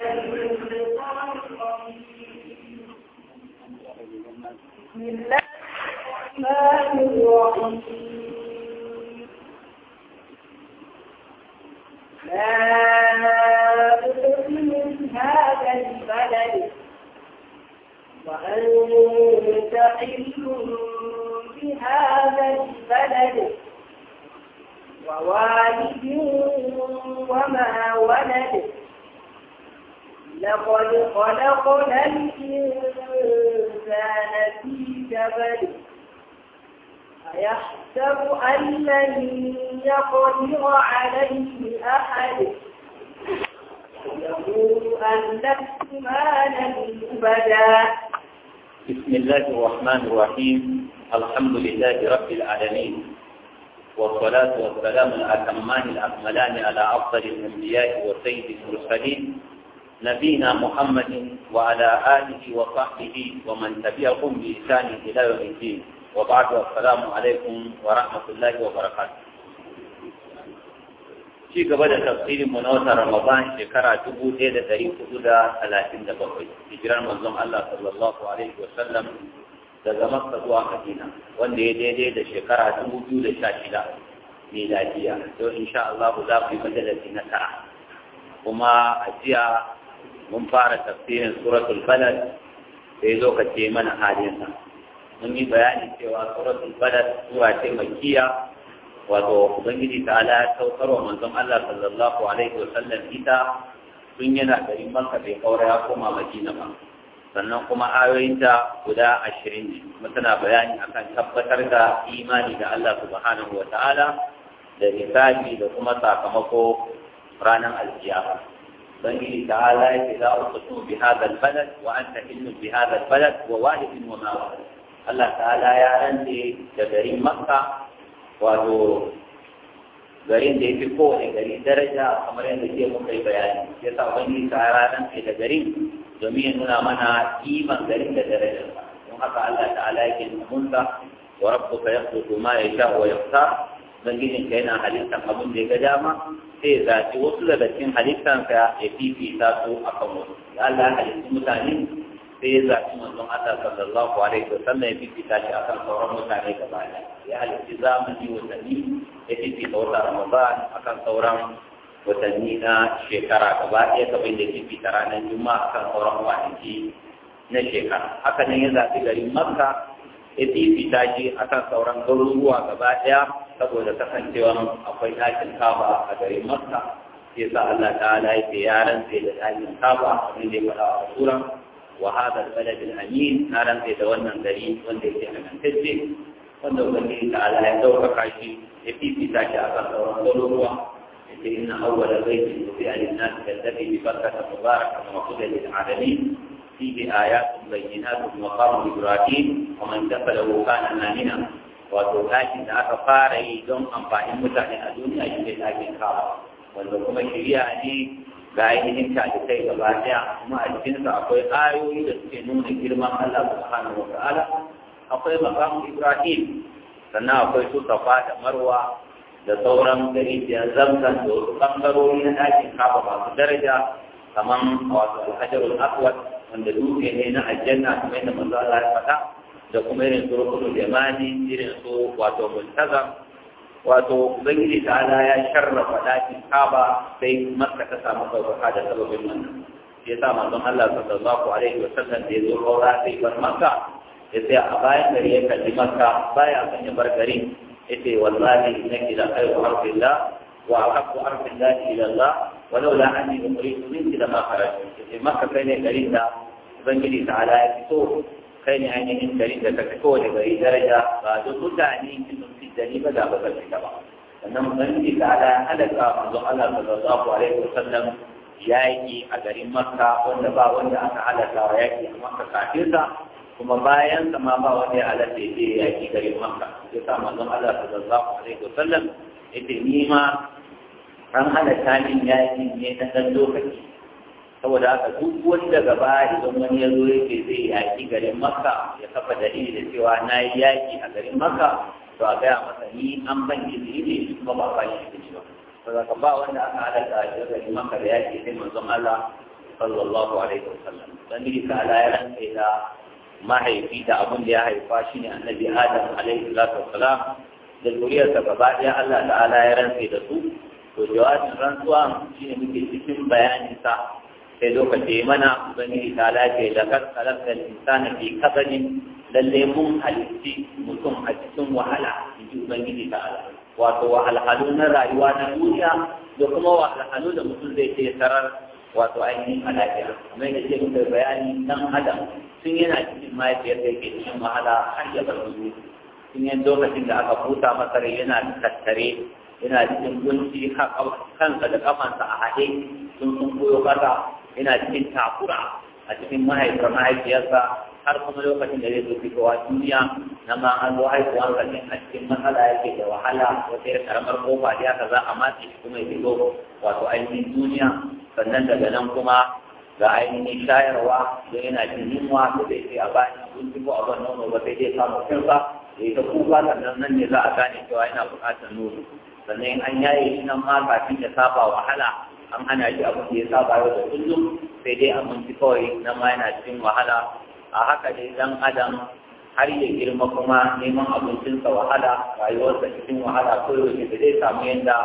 بسم الله الرحمن الرحيم هذا البلد بهذا البلد ووالد وما ولد لقد خلقنا الإنسان في كبد أيحسب أن لن يقدر عليه أحد يقول لست مالا أبدا بسم الله الرحمن الرحيم الحمد لله رب العالمين والصلاة والسلام الأتمان الأكملان على أفضل الأنبياء وسيد المرسلين نبينا محمد وعلى آله وصحبه ومن تبعهم بإحسان إلى يوم الدين وبعد السلام عليكم ورحمة الله وبركاته ci gaba da tafsirin mu na watan Ramadan shekara 1437 hijirar manzon Allah sallallahu alaihi wa sallam daga Makka zuwa Madina wanda ya daidai da shekara 2016 miladiya to insha Allah za ku yi majalisi na tara kuma a jiya mun fara tafsirin suratul balad sai zo ka ce mana halinsa mun yi bayani cewa suratul balad sura ce makiya wato ubangiji ta ala ya wa manzon Allah sallallahu alaihi wa sallam ita tun yana garin Makka bai kaura ya koma Madina ba sannan kuma ayoyinta guda ashirin ne kuma tana bayani akan tabbatar da imani da Allah subhanahu wa ta'ala da hisabi da kuma sakamako ranar alkiyama بنجي تعالى إذا أصبت بهذا البلد وأنت إن بهذا البلد ووالد وما والد الله تعالى يا أنتي كبرين مكة وهو garin da ya fi kowane gari daraja kamar yadda ke muka yi bayani ya sa wani tsara nan ke da garin domin ya nuna mana kiman garin da daraja don haka Allah ta'ala yake nuna munsa wa rabbuka yakhluqu ma yasha wa yakhtar ubangijin ka yana halittar abin da ya ga dama sai ya zaci wasu daga cikin halittansa ya fifita su a kan wasu ya Allah ya halitti mutane sai ya zaci manzon Allah sallallahu alaihi wa Sannan ya fifita shi a kan sauran mutane gaba ɗaya ya halitti zamani watanni ya fifita wata Ramadan kan sauran watanni na shekara gaba ɗaya ya da fifita ranar juma'a kan sauran kwanaki na shekara haka nan ya zaɓi garin makka ya fifita shi a kan sauran garuruwa gaba ɗaya saboda kasancewa akwai ɗakin kaba a garin makka sai sa Allah ta ta'ala ya yaran sai da ɗakin kaba abin da ya a sura wa hadha al amin na ran sai da wannan gari wanda yake amintacce wanda wani ta'ala ya ɗaukaka shi ya fifita shi a kan sauran garuruwa yace inna awwala baitin wudi'a lin-nas alladhi bi bakkata mubarakan ya hudan lil su فيه آيات kuma in dafa da دخله كان آمنا wato ɗakin da aka fara yi don amfanin mutane a duniya shi ne ɗakin kawa wanda kuma shirya ne ga ainihin talibai gaba ɗaya kuma a cikinsa akwai ayoyi da suke nuna girman Allah subhanahu wa ta'ala akwai makamu Ibrahim sannan akwai su safa da marwa da sauran gari da zamzan da wasu ɓangarori na ɗakin kafa masu daraja kamar wato alhajarul aswad wanda dutse ne na aljanna kuma yadda manzo Allah ya faɗa da kuma irin su rukunin yamani irin su wato multazam wato ubangiji ta ala ya sharrafa dakin kaba sai masa ka samu sauƙaƙa da sababin wannan ya sa manzon Allah sallallahu alaihi wa sallam da ya zo kaura sai bar maka ya sai a bayan gari ya kalli maka baya kan ya bar gari ya ce wallahi innaki la khairu harfillah wa haqqu harfillah ila Allah ولولا أني أخرجت منك لما خرجت مكة كان يقرينا بنجلي تعالى يفتوه kai ne ainihin garin da ta fi kowane gari daraja ba duk mutane ki sun fi dari ba da ba ta fita ba sannan ubangiji ta ala halaka manzon Allah sallallahu alaihi wasallam yaki a garin Makka wanda ba wanda aka halaka wa yaki a Makka kafirta kuma bayan ma ba wanda ya halatta ya yaki garin Makka ya sa manzon Allah sallallahu alaihi wasallam yace ni ma an halatta min yaki ne na dan lokaci saboda haka duk wanda gaba idan wani ya zo yake zai yaƙi garin maka ya kafa dalili da cewa na yi yaƙi a garin maka to a gaya masa ni an ban izini ne kuma ba ba shi izini ba saboda ka ba wanda aka halatta a cikin garin maka da yaƙi sai manzon Allah sallallahu alaihi wa sallam dan bi ka ala ya sai da mahaifi da abun da ya haifa shine annabi Adam alaihi salatu wassalam da zuriyarsa gaba ɗaya Allah ta'ala ya rantsa da su to jawabin rantsuwa shine muke cikin bayanin sa sai lokaci mana ubangiji ta lafiya da karkarar da insana fi kasani lalle mun halitti mutum a cikin wahala in ji ubangiji ta ala wato wahalhalu na rayuwa na duniya da kuma wahalhalu da mutum zai ce sarar wato ainihin a lafiya kuma yadda ce muka bayani dan adam sun yana cikin mahaifiyar da yake cikin wahala har ya bar duniya sun yi lokacin da aka huta masa yana tattare yana cikin gunci kansa da kafansa a haɗe sun sun koyo kasa yana cikin takura a cikin mahaifar mahaifiyarsa har kuma lokacin da zai zo fitowa duniya na ma an zo haihuwa a cikin matsala yake da wahala wata yadda karamar kofa da yaka za a matse shi kuma ya fito wato ainihin duniya sannan daga nan kuma ga ainihin shayarwa don yana jin yunwa da zai sai a bayan abinci ko a ban nono ba sai dai samun kansa da ita kuka sannan nan ne za a gane cewa yana buƙatar nono sannan an yaye shi nan ma shi ya saba wahala an hana shi abu da ya saba yau da kullum sai dai abinci kawai nan ma yana cikin wahala a haka dai dan adam har ya girma kuma neman abincinsa wahala rayuwarsa cikin wahala koyaushe da zai samu yadda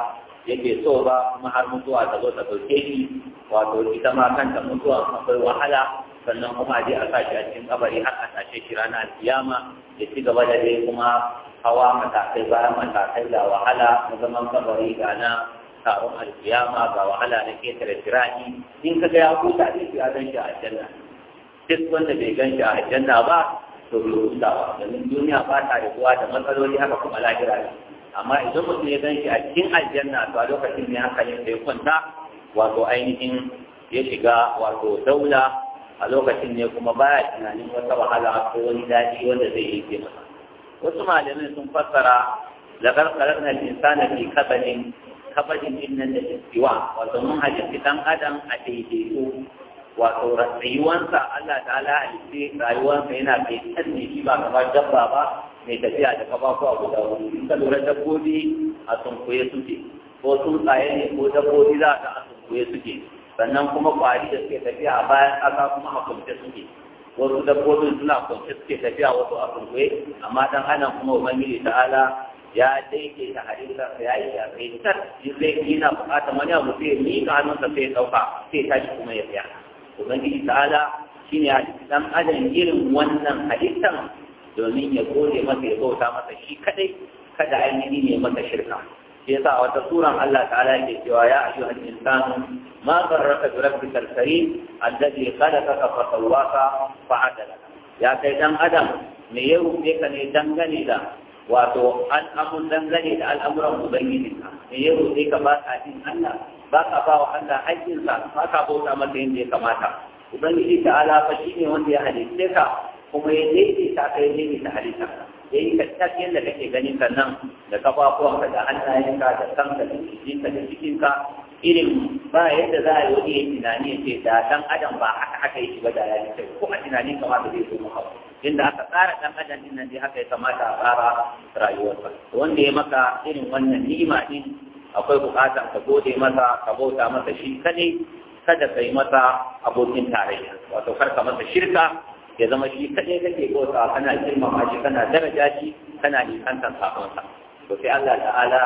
yake so ba kuma har mutuwa ta zo ta ɗauke shi wato ita ma kanta mutuwa akwai wahala sannan kuma je a sashi a cikin kabari har a sashe shi rana alkiyama ya ci gaba da dai kuma hawa matakai bayan matakai ga wahala na zaman kabari ga na taron alkiyama ga wahala na ketare tirani in ka ga ya huta ne ya gan shi a aljanna duk wanda bai gan shi a aljanna ba to bai huta ba domin duniya ba ta rabuwa da matsaloli haka kuma lahira ne amma idan mutum ya gan shi a cikin aljanna to a lokacin ne hankalin sai kwanta wato ainihin ya shiga wato daula a lokacin ne kuma baya tunanin wata wahala ko wani daɗi wanda zai yi ke masa wasu malamai sun fassara lagar kalarna insana fi kabadin kabadin din nan da istiwa wato mun hajjaci dan adam a daidaito wato rayuwansa Allah ta a ce rayuwansa yana bai tsanne shi ba kamar dabba ba mai tafiya da kafa ko a guda wuri in ka lura dabbobi a sunkuye suke ko tsuntsaye ne ko dabbobi za a ta a sunkuye suke sannan kuma kwari da suke tafiya a bayan ƙasa kuma a kulce suke wasu dabbobin suna kulce suke tafiya wasu a kulce amma dan adam kuma ubangiji ala ya daike ta halitta ya yi ya kai tar zai yana a wani abu sai ni ka hannunsa sai ɗauka sai tashi kuma ya tsaya ubangiji ala shine ne dan adam irin wannan halittan domin ya gode masa ya bauta masa shi kaɗai kada ainihi ne masa shirka shi yasa wata suran Allah ta'ala yake cewa ya ayyuhal insanu ma gharraka bi rabbikal karim alladhi khalaqaka fa sawwaka fa adalaka ya kai dan adam me ya rufe ka ne dangane da wato al'amun dangane da al'amuran ubangijinka me ya rufe ka ba ka jin Allah ba ka ba wa Allah haƙƙinsa ba ka bauta masa yadda ya kamata ubangiji ta'ala fa shine wanda ya halitta ka kuma ya daidaita ka ya daidaita halitta ya yi kakkas yadda kake ganin ka nan da kafafuwanka da hannayenka da kanka da jikinka da cikinka irin ba yadda za a yi wani tunani da dan adam ba haka haka yi ba da ya yi kyau kuma tunani kama da zai zo maka inda aka tsara dan adam din nan dai haka ya kamata a tsara rayuwarka wanda ya maka irin wannan ni'ima din akwai bukata ka gode masa ka bauta masa shi kadai kada ka yi masa abokin tarayya wato kar ka masa shirka ya zama shi kaɗai kake bauta kana girmama shi kana daraja shi kana nisantar sakonsa to sai Allah ta'ala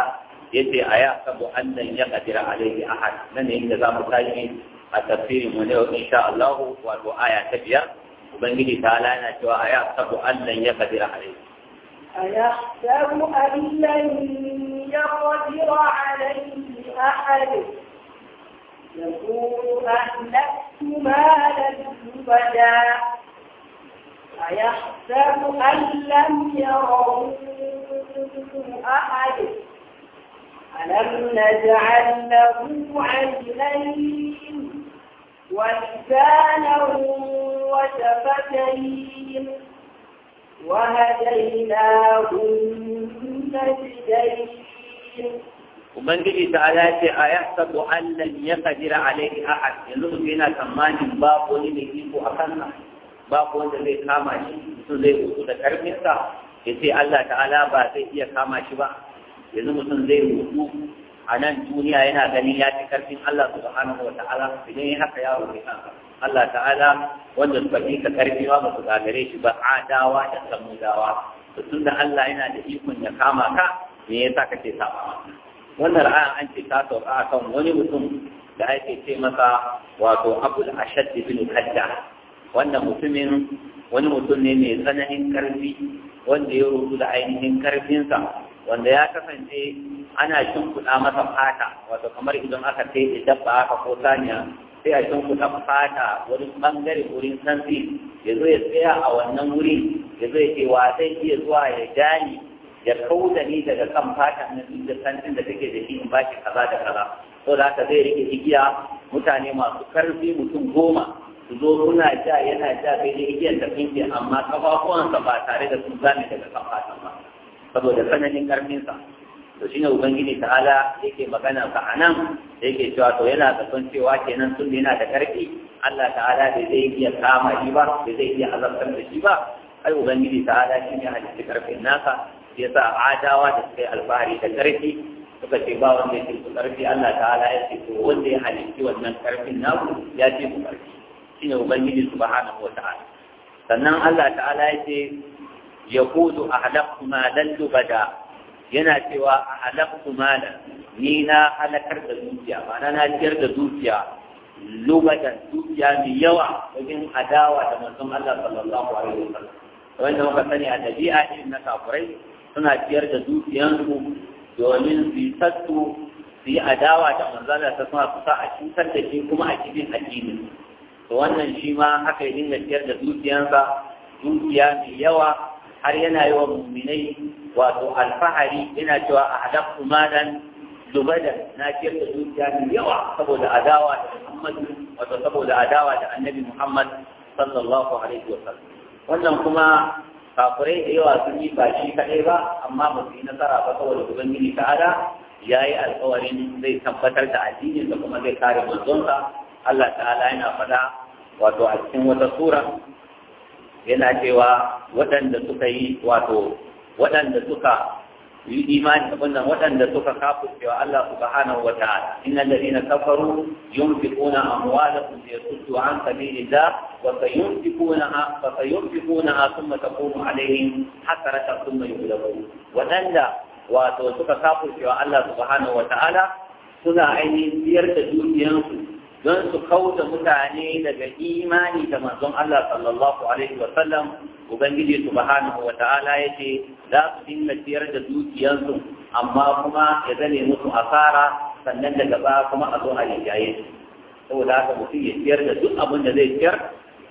ya ce a ya sabu annan ya kadira alaihi ahad nan ne inda za mu tashi a tafsirin mu ne insha Allah wa wato aya ta biyar ubangiji ta'ala yana cewa a ya sabu annan ya kadira alaihi أيحسب أن لن يقدر عليه أحد يقول أهلكت مالا زبدا أيحسب أن لم يروا أحد ألم نجعل له عينين ولسانا وشفتين وهديناه النجدين ومن قلت تعالاتي أيحسب أن لم يقدر عليه أحد يلوه بنا كمان بابه لنهيب أخنا ba ko wanda zai kama shi mutum zai rutu da karfinsa ya ce Allah ta'ala ba zai iya kama shi ba yanzu mutum zai rutu a nan duniya yana ganin ya ci karfin Allah subhanahu wa ta'ala idan ya haka ya rufe kansa Allah ta'ala wanda suka fi ka karfi ba ba su gagare shi ba adawa da samudawa to da Allah yana da ikon ya kama ka me yasa kake saba wannan ra'ayin an ce ta sauka akan wani mutum da ake ce masa wato abul ashad bin Kadda. wannan mutumin wani mutum ne mai tsananin karfi wanda ya rubu da ainihin karfinsa wanda ya kasance ana shimfiɗa masa fata wato kamar idan aka sai da dabba aka ko saniya sai a shimfiɗa fata wani ɓangare wurin santsi ya zo ya tsaya a wannan wuri ya zo ya ce wa zai iya zuwa ya gane ya kauda ni daga kan fata na duk da santin da take da shi in baki kaza da kaza saboda da haka zai rike igiya mutane masu karfi mutum goma su zo kuna ja yana ja kai da igiyar da kinki amma kafafuwansa ba tare da sun zame daga kafasan ba saboda tsananin karfinsa to shine ubangiji ta'ala yake magana ka anan da yake cewa to yana da cewa kenan tun yana da karfi Allah ta'ala bai zai iya kama shi ba bai zai iya azabtar da shi ba ai ubangiji ta'ala shi ne halitta karfin nasa ya sa adawa da suka yi alfahari da karfi suka ce ba wanda ya ce ku karfi Allah ta'ala ya ce to wanda ya halitti wannan karfin naku ya ce ku karfi shine ubangiji subhanahu wata'ala sannan Allah ta'ala ya ce yaqulu ahlaqtu malan lubada yana cewa ahlaqtu malan ni na halakar da zuciya ma'ana na ciyar da dukiya lubadan zuciya mai yawa wajen adawa da manzon Allah sallallahu alaihi wasallam wanda muka sani a dabi'a irin na kafurai suna ciyar da dukiyansu domin su sattu su yi adawa da manzon Allah ta sama su sa a cutar da shi kuma a cikin addinin to wannan shi ma haka ya dinga ciyar da dukiyansa dukiya mai yawa har yana yi wa muminai wato alfahari yana cewa a hadaftu malan zubadan na ciyar da dukiya mai yawa saboda adawa da Muhammad wato saboda adawa da Annabi Muhammad sallallahu alaihi wasallam wannan kuma kafirai da yawa sun yi ba shi kaɗai ba amma ba su yi nasara ba saboda ubangiji ta'ala ya yi alkawarin zai tabbatar da addinin da kuma zai kare manzonsa Allah ta'ala yana faɗa wato a cikin wata sura yana cewa waɗanda suka yi wato waɗanda suka yi imani abinda waɗanda suka kafurce wa Allah subhanahu wa ta'ala innal ladina kafaru yunfiquna amwalahum liyasuddu an sabilillah wa sayunfiqunaha fa sayunfiqunaha thumma takunu alaihim hasaratan thumma yughlabun waɗanda wato suka kafurce wa Allah subhanahu wa ta'ala suna ainihin biyar da dukiyar don su kauta mutane daga imani da manzon Allah sallallahu alaihi wa sallam ubangiji subhanahu wa ta'ala yace za su dinga ciyar da dukiyansu amma kuma ya zane musu asara sannan daga ba kuma a zo a yaye saboda haka mutum ya siyar da duk abin da zai siyar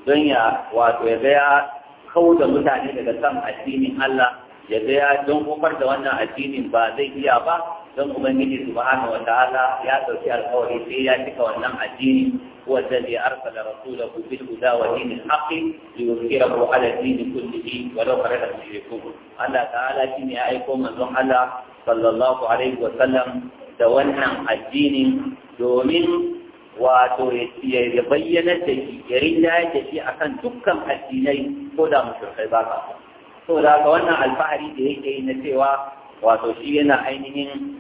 don ya wato ya ga ya kauta mutane daga san addinin Allah ya ga ya don kofar da wannan addinin ba zai iya ba don ubangiji subhanahu wataala ya dauki alkawari sai ya cika wannan addini huwa alladhi arsala rasulahu bil huda wa dinil haqqi liyuzhirahu ala dini kullihi wa law kariha al-mushrikun Allah ta'ala shine ya aiko manzon Allah sallallahu alaihi wa sallam da wannan addini domin wato ya bayyana da shi ya rinda da shi akan dukkan addinai ko da mushrikai ba ka so da haka wannan alfahari da yake yi na cewa wato shi yana ainihin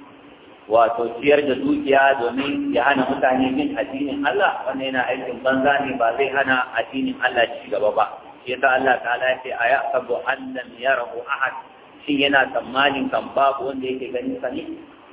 wato ciyar da dukiya domin ya hana mutane bin addinin Allah wanda yana aikin banza ne ba zai hana addinin Allah ci gaba ba shi yasa Allah ta lafiya ce aya sabu annam yarahu ahad shin yana tsammanin kan babu wanda yake gani sa ne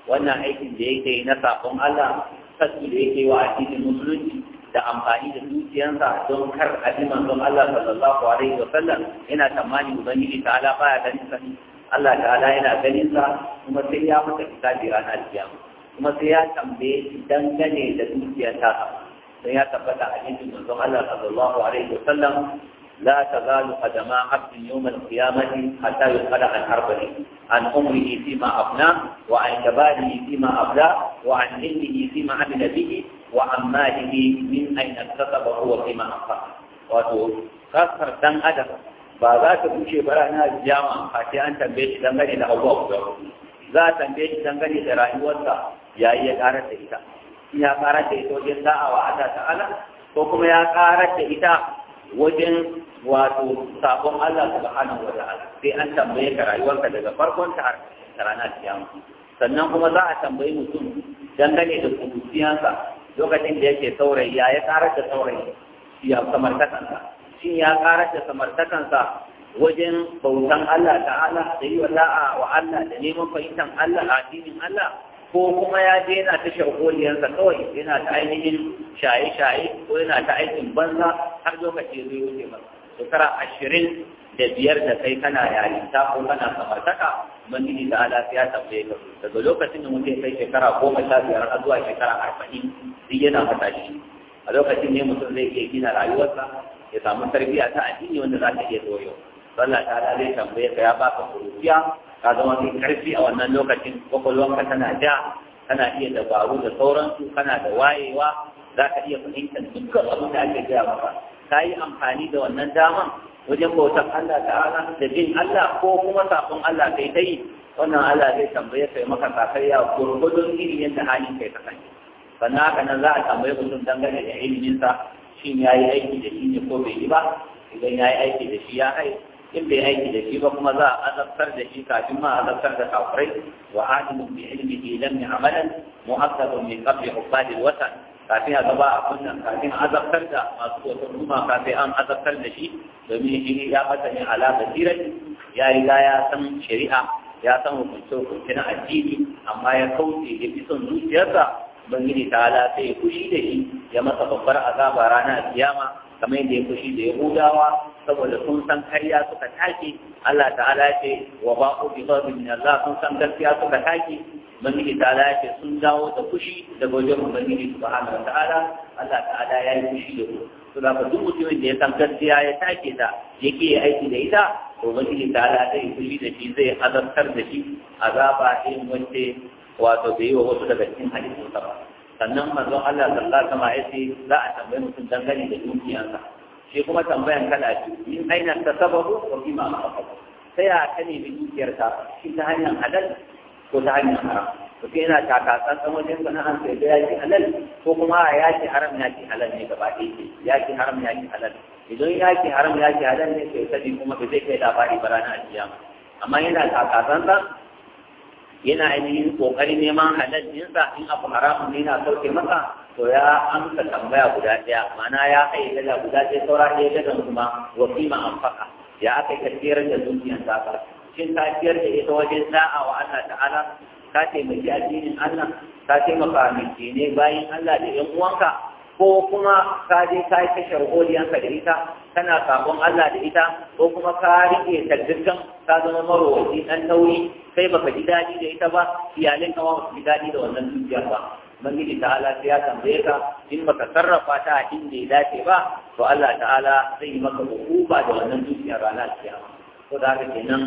wannan aikin da yake na sakon Allah kasu da yake wa addinin musulunci da amfani da dukiyansa don kar a ji manzon Allah sallallahu alaihi wa sallam yana tsammanin ubangiji ta'ala baya ganin sa ne Allah ta'ala yana ganin sa kuma sai ya masa kitabi ranar kiyama kuma sai ya tambaye shi dangane da dukiyar ta sai ya tabbata a cikin manzon Allah sallallahu alaihi wa sallam لا تزال قدم عبد يوم القيامة حتى يسأل عن أربعه عن عمره فيما أفنى وعن شبابه فيما أبلى وعن علمه فيما عمل به وعن ماله من أين اكتسبه وفيما أنفقه. Wato kasar dan أدبه ba za ka kuce ba ranar jama a ce an tambaye shi dangane da abubuwa guda za a tambaye shi dangane da rayuwarsa ya yi ya ƙara da ita ya ƙara da ita wajen da'a wa Allah ta'ala ko kuma ya ƙara da ita wajen wato sabon Allah subhanahu wa ta'ala sai an tambaye ka rayuwarka daga farkon ta rana ranar jama sannan kuma za a tambayi mutum dangane da kudusiyansa lokacin da yake saurayi ya ya da saurayi ya samartakansa shin ya karar da samartakansa wajen bautan Allah ta'ala da yi wa wa Allah da neman fahimtar Allah a addinin Allah ko kuma ya je yana ta shagoliyarsa kawai yana ta ainihin shaye-shaye ko yana ta aikin banza har lokaci zai wuce masa shekara ashirin da biyar da kai kana yarinta ko kana samartaka ubangiji ta ala ya tambaye ka daga lokacin da mutum kai shekara goma sha biyar har zuwa shekara arba'in duk yana matashi a lokacin ne mutum zai iya gina rayuwarsa ya samu tarbiyya ta addini wanda za ka iya doyo Allah ta ala zai tambaye ka ya baka kuruciya ka zama mai karfi a wannan lokacin kwakwalwanka tana da kana iya dabaru da sauransu kana da wayewa za ka iya fahimtar dukkan abin da ake gaya maka ka yi amfani da wannan daman wajen bautar Allah ta'ala da bin Allah ko kuma sakon Allah kai ta yi wannan Allah zai tambaye kai maka sakayya gurgudun irin yadda halin kai kasance sannan haka nan za a tambaye mutum dangane da iliminsa shin ya yi aiki da shi ne ko bai yi ba idan ya yi aiki da shi ya hai in bai aiki da shi ba kuma za a azabtar da shi kafin ma azabtar da kafirai wa alimun bi ilmihi lam ya'malan muhakkadun min qabli ubadi watan kafin a gaba a kunnan kafin azabtar da masu wata kuma kafin an azabtar da shi domin shi ya fata ne ala basirai ya riga ya san shari'a ya san hukunce hukunce na addini amma ya kauce da fi zuciyarsa ubangiji ta'ala sai ya kushi da shi ya masa babbar azaba a kiyama kamar yadda ya kushi da yahudawa saboda sun san karya suka take Allah ta'ala ce wa ba'u bi min Allah sun san gaskiya suka take ubangiji ta'ala ce sun dawo da kushi daga wajen ubangiji subhanahu wa ta'ala Allah ta'ala ya yi kushi da ku to da duk mutumin da ya san gaskiya ya take ta yake aiki da ita to ubangiji ta'ala zai kushi da shi zai azabtar da shi azaba irin wacce wato bai yi wa wasu daga cikin hadisin sa sannan manzon Allah sallallahu alaihi wasallam za a tambaye mutum dangane da dukiyarsa shi kuma tambayan kala ce min aina tasabahu wa bima ma'afahu sai a kane da dukiyarsa shi ta hanyar halal ko ta hanyar haram to yana taka tsantsan wajen ganin an sai da yaki halal ko kuma yaki haram yaki halal ne gaba ɗaya yaki haram yaki halal idan yaki haram yaki halal ne sai sani kuma ba zai kai labari ba ranar alkiyama amma yana taka tsantsan yana ainihin kokarin neman halal ɗinsa in abu haramun ne na sauke maka. to ya amsa tambaya guda ɗaya mana ya kai daga guda ɗaya saura ɗaya daga kuma wa kima anfaka ya aka yi tafiyar da dukiyar saka shin ka tafiyar da ita wajen sa'a wa Allah ta'ala ka taimaki addinin Allah ka taimaka mai ne bayan Allah da 'yan uwanka ko kuma ka je ka yi tashar oliyanka da ita kana sabon Allah da ita ko kuma ka rike taddurkan ka zama marowaci ɗan nauyi sai baka ji daɗi da ita ba iyalin kama ba su ji daɗi da wannan dukiya ba ubangiji ta'ala sai ya tambaye ka in baka sarrafa ta a da ya dace ba to Allah ta'ala zai yi maka hukuma da wannan dukiya ranar kiyama ko da haka kenan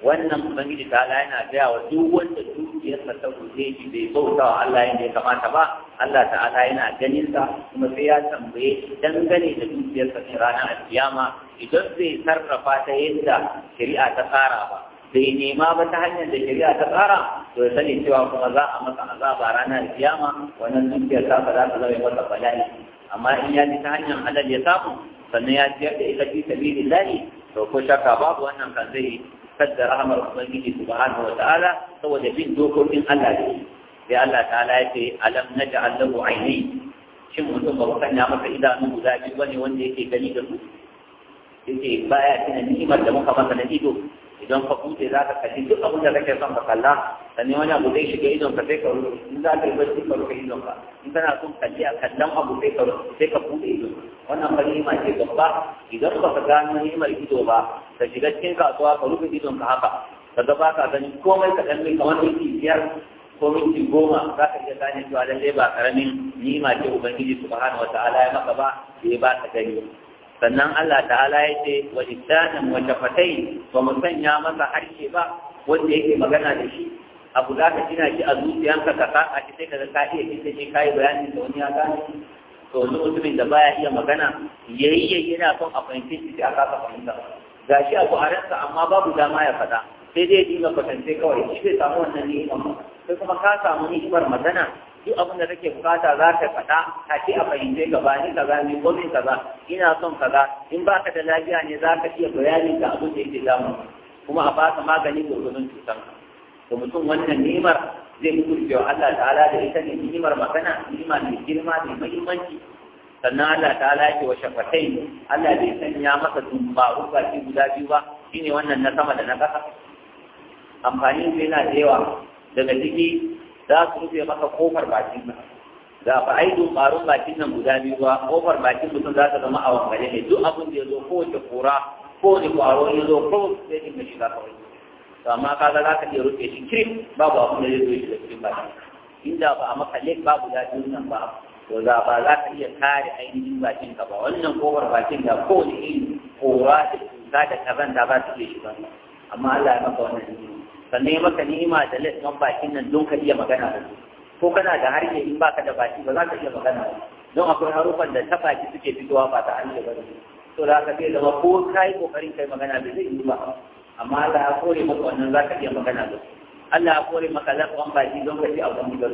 wannan ubangiji ta Allah yana gaya wa duk wanda dukiyarsa ta kuɗe shi bai bauta wa Allah yadda ya kamata ba Allah ta'ala yana ganin sa kuma sai ya tambaye dangane da dukiyarsa ta ranar alkiyama idan bai sarrafa ta yadda shari'a ta tsara ba bai nema ba ta hanyar da shari'a ta tsara to ya sani cewa kuma za a masa azaba ranar alkiyama wannan dukiyar ta ba za ta zama masa bala'i amma in ya ji ta hanyar halal ya samu sannan ya ciyar da ita fi sabilillahi to ko shakka babu wannan kan zai da rahamar ubangiji subhanahu wa ta'ala saboda bin dokokin Allah ne sai Allah ta'ala ya ce alam naj'al lahu aini shin mutum ba kan ya masa idanu guda biyu bane wanda yake gani da su yake baya tuna ni'imar da muka masa na ido idan ka bude za ka kalli duk abin da kake son ka kalla sannan wani abu zai shiga idon ka sai ka rufe in za ka yi bacci ka rufe idon ka in kana son kalli a kallon abu sai ka ruru sai ka bude idon wannan fa ce babba idan ba ka gano ni'imar ido ba ka shiga cikin kasuwa ka rufe idon ka haka ka ga ba ka gani komai ka kalli kamar minti biyar ko minti goma za ka iya gane cewa lallai ba karamin ni'ima ce ubangiji subhanahu wataala ya maka ba sai ba ka gani sannan Allah ta'ala ya ce wa lisanan wa tafatai ba mu sanya masa harshe ba wanda yake magana da shi abu za ka gina shi a zuciyanka ka ka a shi sai ka ka iya kisa shi kai bayani da wani ya gane to wani mutumin da baya iya magana yayi yana son a fahimci shi da aka fahimta ga abu a ransa amma babu dama ya faɗa sai dai dinga kwatance kawai shi bai samu wannan ni'imar ba sai kuma ka samu ni'imar magana duk abin da take bukata za ka faɗa ta ce a fahimce ka ba ni kaza ni ko ka kaza ina son kaza in ba ka da lafiya ne za ka iya bayani ga abin da yake damu kuma a baka magani gurgurun cutan Da mutum wannan nimar zai mutunce wa Allah ta'ala da ita ne nimar magana nima mai girma mai muhimmanci sannan Allah ta ke wa shafatai Allah bai sanya masa tumbaru baki guda biyu ba shine wannan na sama da na ƙasa amfani su yana da yawa daga ciki za su rufe maka kofar bakin nan Za ba ai dun barun bakin nan guda biyu ba kofar bakin mutum za ta zama a wangare ne duk abin da ya zo ko kowace kura kowace kwaro ya zo ko sai in ga shiga kawai to amma kaga za ka iya rufe shi kirim babu abin da zai zo shiga cikin bakin inda ba a maka lek babu daɗin nan ba to za ba za ka iya kare ainihin bakin ka ba wannan kofar bakin da kowace irin kora da cuta da kazanta ba su iya shiga amma Allah ya maka wannan sannan ya maka ni'ima da lafiyan bakin nan don ka iya magana da su ko kana da harshe in baka da baki ba za ka iya magana da don akwai harufan da ta baki suke fitowa ba ta harshe ba to da ka sai zama ko ka yi kokarin kai magana da zai yi ba amma Allah ya kore maka wannan za ka iya magana da su Allah ya kore maka lafiyan baki don ka ji abin da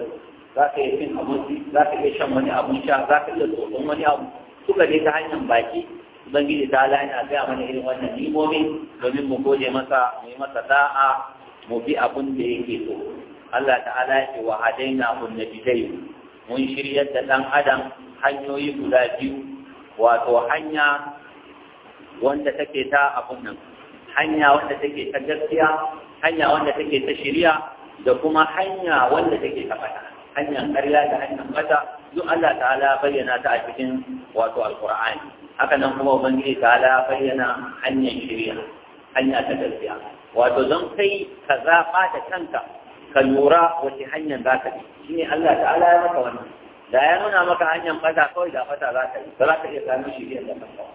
za ka iya cin abinci za ka iya shan wani abun sha za ka iya tsoron wani abu suka dai ta hanyar baki Ubangiji ta na gaya mana irin wannan nimomi domin mu gode masa mu yi masa da'a mu bi abin da yake so Allah ta'ala ya ce wa hadaina hun nabiyai mun shirya da dan adam hanyoyi guda biyu wato hanya wanda take ta abun nan hanya wanda take ta gaskiya hanya wanda take ta shiriya da kuma hanya wanda take ta fata hanyar ƙarya da hanyar fata duk Allah ta'ala bayyana ta a cikin wato alqur'ani haka nan kuma ubangiji ta'ala bayyana hanyar shirya, hanya ta gaskiya wato zan kai ka zaɓa da kanka ka lura wace hanyar za ka bi shi ne Allah ta'ala ya maka wannan da ya nuna maka hanyar fata kawai da fata za ka yi ba za ka iya samun shirya da kanka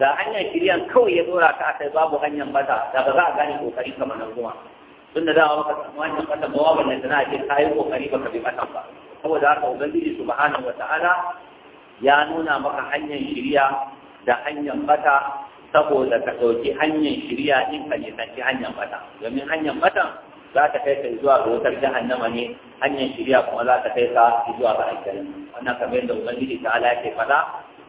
da hanyar shirya kawai ya dora ka a babu hanyar fata da ba za a gane kokari kamar na zuwa tun da dawa maka samu hanyar fata ba wa wannan tana ce ka yi kokari ba ka bi fata ba saboda haka ubangiji subhanahu wa ta'ala ya nuna maka hanyar shirya da hanyar fata saboda ka ɗauki hanyar shirya in ka nisanci hanyar mata domin hanyar mata za ta kai ka zuwa ga wutar jahannama ne hanyar shirya kuma za ta kai ka zuwa ga aljanna wannan kamar yadda ubangiji ta ala ke faɗa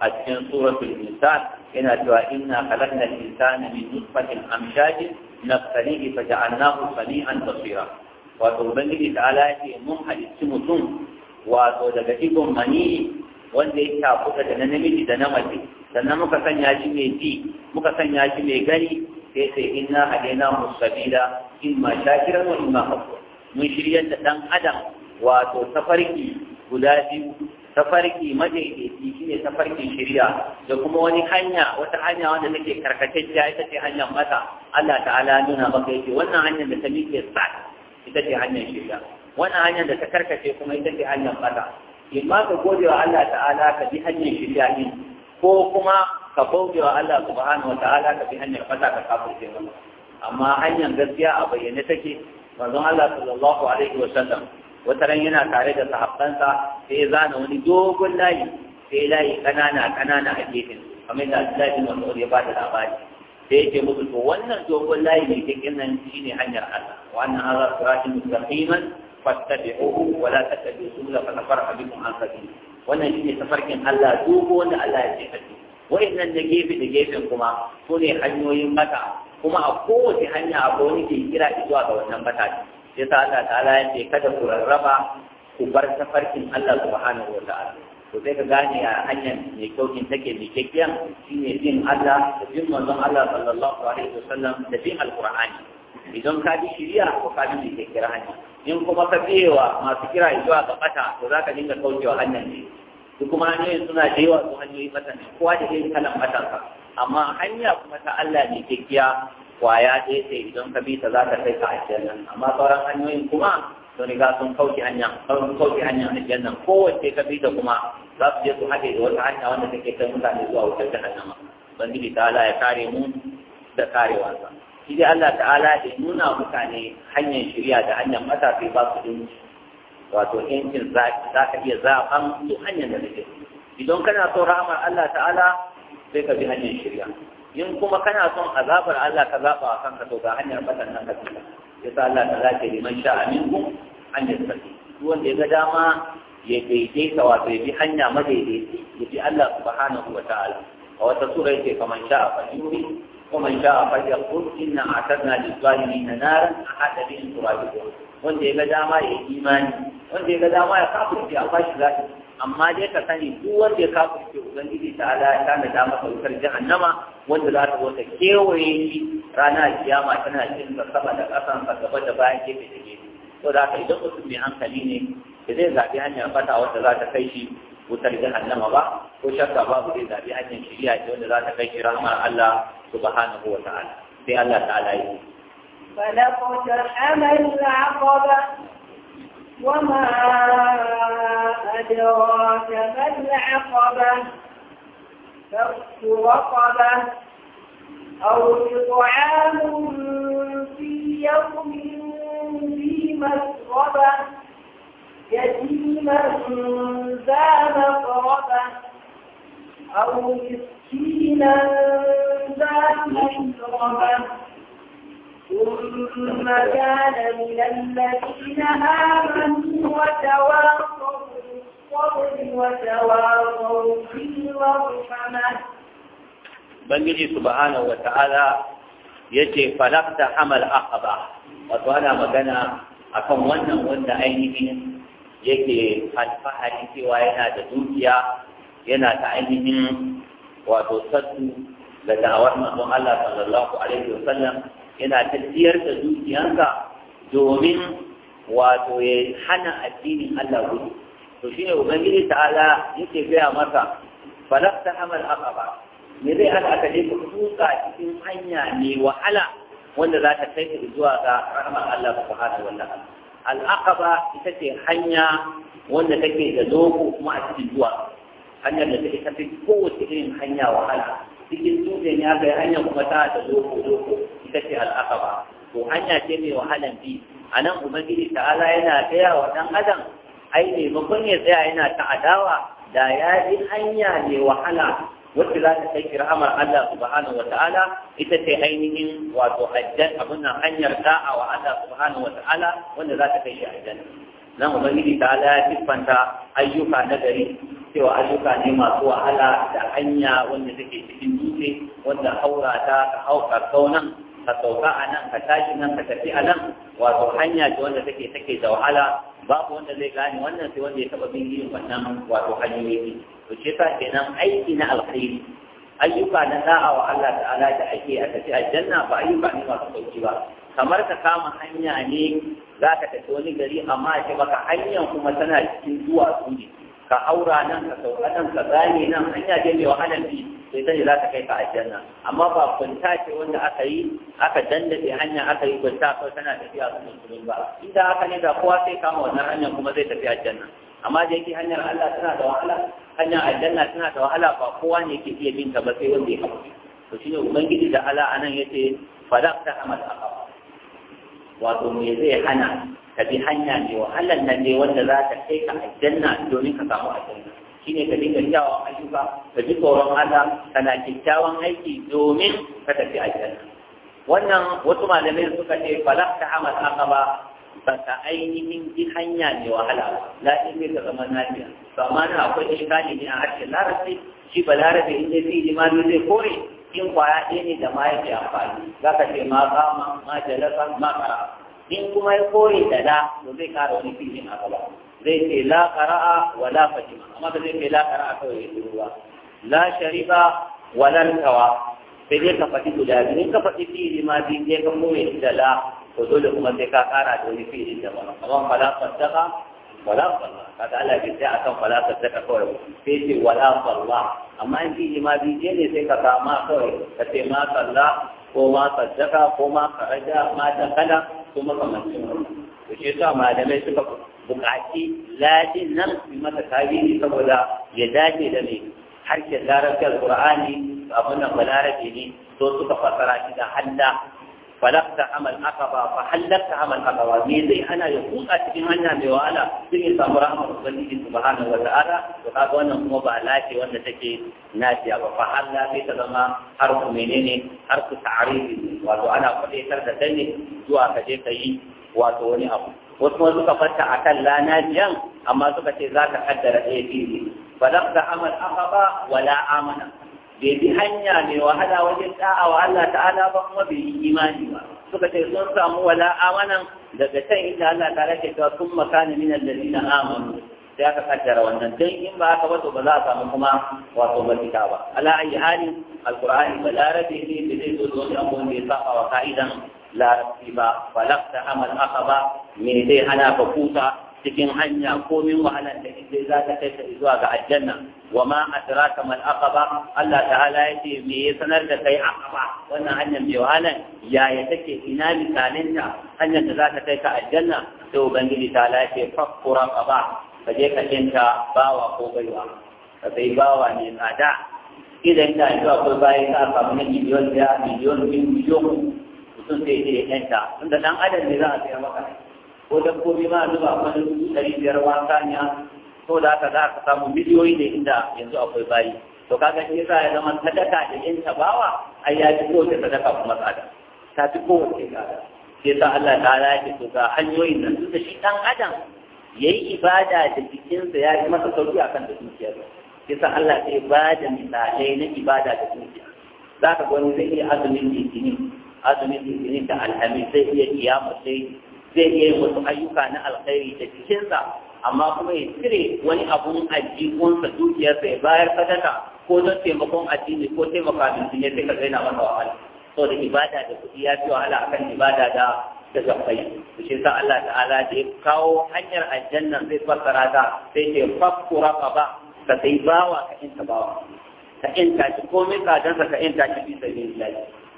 a cikin suratul insan yana cewa inna khalaqna al-insana min nutfatin amshajin nabtalihi faja'alnahu sami'an basira wato ubangiji ta ala ke mun halicci mutum wato daga igon mani wanda ya tafuka da na namiji da na mace sannan muka sanya shi mai ji muka sanya shi mai gani sai sai inna hadaina musabila in ma shakiran wa in ma kafur mun shirya da dan adam wato tafarki guda biyu tafarki madaidaiti shine tafarkin shirya da kuma wani hanya wata hanya wanda take karkatacciya ita ce hanyar mata Allah ta'ala nuna maka yake wannan hanyar da ta miƙe sa ita ce hanyar shirya wannan hanyar da ta karkace kuma ita ce hanyar mata imma ka gode wa Allah ta'ala ka bi hanyar shirya ne ko kuma ka gode wa Allah subhanahu wa ta'ala ka bi hanyar fata ka kafirce masa amma hanyar gaskiya a bayyane take manzon Allah sallallahu alaihi wa sallam wata ran yana tare da sahabbansa sai ya zana wani dogon layi sai layi kanana kanana a gefen kamar da Abdullahi bin Mas'ud ya bada labari sai yake musu to wannan dogon layi ne cikin nan shine hanyar Allah wa anna hadha siratun mustaqiman fattabi'uhu wa la tattabi'u subula fa tafarqa bikum an sabili wannan shine tafarkin Allah duk wanda Allah ya ce kace wa'annan da gefe da gefen kuma su ne hanyoyin mata kuma a kowace hanya akwai wani ke kira zuwa ga wannan mata sai ta Allah ta'ala ya ce kada ku rarraba ku bar tafarkin Allah subhanahu wa ta'ala to sai ka gane a hanyar mai kyau kyaukin take mai kyakkyan shine bin Allah da bin manzon Allah sallallahu alaihi wasallam da bin alqur'ani idan ka bi shiriya ko ka bi kyakkyan hanya in kuma ka tsewa masu kira zuwa ga bata to za ka dinga kaucewa hanyar ne su kuma hanyoyin suna da yawa su hanyoyi matan ne kowa da irin kalan ka. amma hanya kuma ta Allah ne kiya kwaya ɗaya ce idan ka bi ta za ka kai ka nan amma sauran hanyoyin kuma sun riga sun kauce hanya sun kauce hanya aljanna kowace ka bi ta kuma za su je su haɗe da wata hanya wanda take kai mutane zuwa wutar jahannama ubangiji ta Allah ya kare mu da karewa shi dai Allah ta'ala da nuna mutane hanyar shirya da hanyar matafi ba su dinci wato yankin za ka iya zaɓan su hanyar da nake idan kana son rahama Allah ta'ala sai ka bi hanyar shirya in kuma kana son azabar Allah ka zaɓa a kanka to ga hanyar matan nan ka ya yasa Allah ta'ala ke liman sha'a minkum hanyar sarki wanda ya ga dama ya daidaita wato ya bi hanya madaidaiti ya bi Allah subhanahu wa ta'ala a wata sura yake kamar sha'a a yuri ومن شاء فليقول إنا أعتدنا للظالمين نارا أحاط بهم سرادقها wanda ya ga dama ya yi imani wanda ya ga dama ya kafirce a fashi zaki amma dai ka sani duk wanda ya kafirce ubangiji ta ala ya tana da masa wutar jahannama wanda za ta wata kewaye shi rana kiyama tana cin sa sama da ƙasa, sa gaba da bayan gefe da gefe to da ka idan mutum mai hankali ne da zai zaɓi hanyar fata wanda za ta kai shi wutar jahannama ba ko shakka babu zai zaɓi hanyar shiriya ce wanda za ta kai shi rahmar Allah سبحانه وتعالى في الله تعالى يقول فلا اقتحم العقبة وما أدراك ما العقبة فك رقبة أو إطعام في يوم ذي مسربة يتيما ذا مقربة أو مسكينا سيلا ذات مشربة ثم كان من الذين آمنوا وتواصوا بالصبر وتواصوا بالرحمة Ubangiji subhanahu wa ta'ala ya ce, Falakta hamal aqaba wato ana magana a kan wannan wanda ainihin yake alfahari cewa yana da dukiya yana ta ainihin wato saddu da da'awar manzon Allah sallallahu alaihi wasallam yana tafiyar da dukiyarsa domin wato ya hana addinin Allah gudu to shine ubangiji ta'ala yake gaya masa falasta hamal aqaba me zai hana aka je ka cikin hanya ne wahala wanda za ta kai ka zuwa ga rahmar Allah subhanahu wa ta'ala al aqaba ita ce hanya wanda take da dogo kuma a cikin zuwa hanyar da take tafi kowace irin hanya wahala cikin dutsen ya kai hanya kuma ta da loko loko ita ce al'aqaba to hanya ce mai wahalan bi a nan ubangiji ta'ala yana gaya wa dan adam ai maimakon ya tsaya yana ta adawa da ya yi hanya mai wahala wacce za ta kai rahamar Allah subhanahu wa ta'ala ita ce ainihin wato ajjan abin nan hanyar da'a wa Allah subhanahu wa ta'ala wanda za ta kai shi aljanna nan ubangiji ta ala ya siffanta ayyuka na gari cewa ayyuka ne masu wahala da hanya wanda take cikin dutse wanda haura ta ka hau kau nan ka sauka a nan ka tashi nan ka tafi a nan wato hanya ce wanda take take da wahala babu wanda zai gane wannan sai wanda ya taba bin irin wannan wato hanyoyi to ce ta kenan aiki na alkhairi ayyuka na da'a wa Allah ta'ala da ake a tafi aljanna ba ayyuka ne masu sauki ba kamar ka kama hanya ne za ka tafi wani gari amma ce baka hanyar kuma tana cikin zuwa su ne ka aura nan ka sauka nan ka zane nan hanya je mai wahala bi sai sani za ka kai ka aljanna amma ba kwanta ce wanda aka yi aka dandace hanya aka yi kwanta ko tana tafiya su musulun ba inda aka ne da kowa sai kama wannan hanyar kuma zai tafi aljanna amma da yake hanyar Allah tana da wahala hanyar aljanna tana da wahala ba kowa ne ke iya bin ta ba sai wanda ya haƙuri to shine ubangiji da ala anan yace falaqta amal aqaba wato me zai hana ka bi hanya mai wahalar nan ne wanda za ta kai ka aljanna domin ka samu aljanna shine ka dinga kyawawan ayyuka ka ji tsoron Allah kana kyakkyawan aiki domin ka tafi aljanna wannan wasu malamai suka ce falak ta amal akaba ba ka ainihin ji hanya mai wahala la in ka zama nafiya to amma akwai iskali ne a harshen larabci shi ba larabe in dai zai zai kore in kwaya ɗaya ne da ma yake amfani za ka ce ma ka ma jalasa ma kara in kuma ya kore da la to zai kara wani filin a gaba zai ce la qara'a wa la fatima amma ba zai ce la qara'a kawai ya ruwa. ba la shariba wa lan tawa sai dai ka faɗi guda biyu in ka faɗi fili ma biyu sai ka kore da la to dole kuma sai ka kara da wani filin da ba amma fa la saddaka wala falla kaga Allah bai sai akan fala ka kawai sai ce wala falla amma in ji ma bi je ne sai ka kama kawai ka ce ma salla ko ma saddaka ko ma karaja ma dakala ko ma makamancin to shi yasa malamai suka buƙaci ladin nan su mata tabiri saboda ya dace da mai harshen larabci alƙur'ani abin nan balarabe ne so suka fasara shi da hadda falakta amal akaba fa halakta amal akaba me zai hana ya kuka cikin hanya mai wahala sun yi samu rahmar ubangiji subhanahu wa ta'ala to kaga wannan kuma ba lafi wanda take nafiya ba fa har lafi ta zama har ku menene har ku ta'arifi wato ana kwadaitar da kai ne zuwa ka je ka yi wato wani abu wasu ma suka fata akan la nafiyan amma suka ce za ka kaddara ɗaya fili falakta amal akaba wala amana bai bi hanya mai wahala wajen da'a wa Allah ta'ala ba kuma bai yi imani ba suka ce sun samu wala amanan daga can inda Allah ta rake cewa sun makana min amanu sai aka kaddara wannan dan in ba aka wato ba za a samu kuma wato mafita ba ala ayi hali alqur'ani balarabi ne da zai zo wani abu da ya saba wa ka'idan larabci ba falaqta amal aqaba me zai hana ka kuta cikin hanya komin wahalar da ita za ta kai ta zuwa ga aljanna wa ma adraka mal aqaba Allah ta'ala yace me ya sanar da kai aqaba wannan hanyar mai wahalar yaya take ina misalin ta hanyar da za ta kai ka aljanna sai ubangiji ta'ala yace fakkura qaba ka je ka kinta bawa ko baiwa ka sai bawa ne tsada idan da zuwa ko bayan ka samu miliyon da miliyon biyu miliyon mutum sai ya yanta tunda dan adam ne za a saya maka ko dabbobi ma zuba wani dubu ɗari biyar wasa ne to da haka za ka samu miliyoyi ne inda yanzu akwai bayi to kaga shi yasa ya zama sadaka da yin tabawa ai ya fi kowace sadaka kuma tsada ta fi kowace tsada shi yasa Allah ta ya ce to ga hanyoyin nan duk da shi ɗan adam ya yi ibada da jikinsa ya yi masa sauki akan da dukiyarsa shi yasa Allah sai ba da misalai na ibada da dukiya za ka ga zai iya azumin litinin azumin litinin da alhamis zai iya kiyama sai zai iya yin wasu ayyuka na alkhairi da cikinsa amma kuma ya cire wani abun ajiyunsa dukiyarsa ya bayar sadaka ko don taimakon addini ko taimaka da duniya sai ka zaina masa wahala so da ibada da kuɗi ya fi wahala akan ibada da da zafai shi Allah ta'ala da ya kawo hanyar aljanna zai fassara ta sai ce fakkura ba ka sai bawa ka in ta bawa ka in ta ci komai kadansa ka in ta bisa fi sabilillah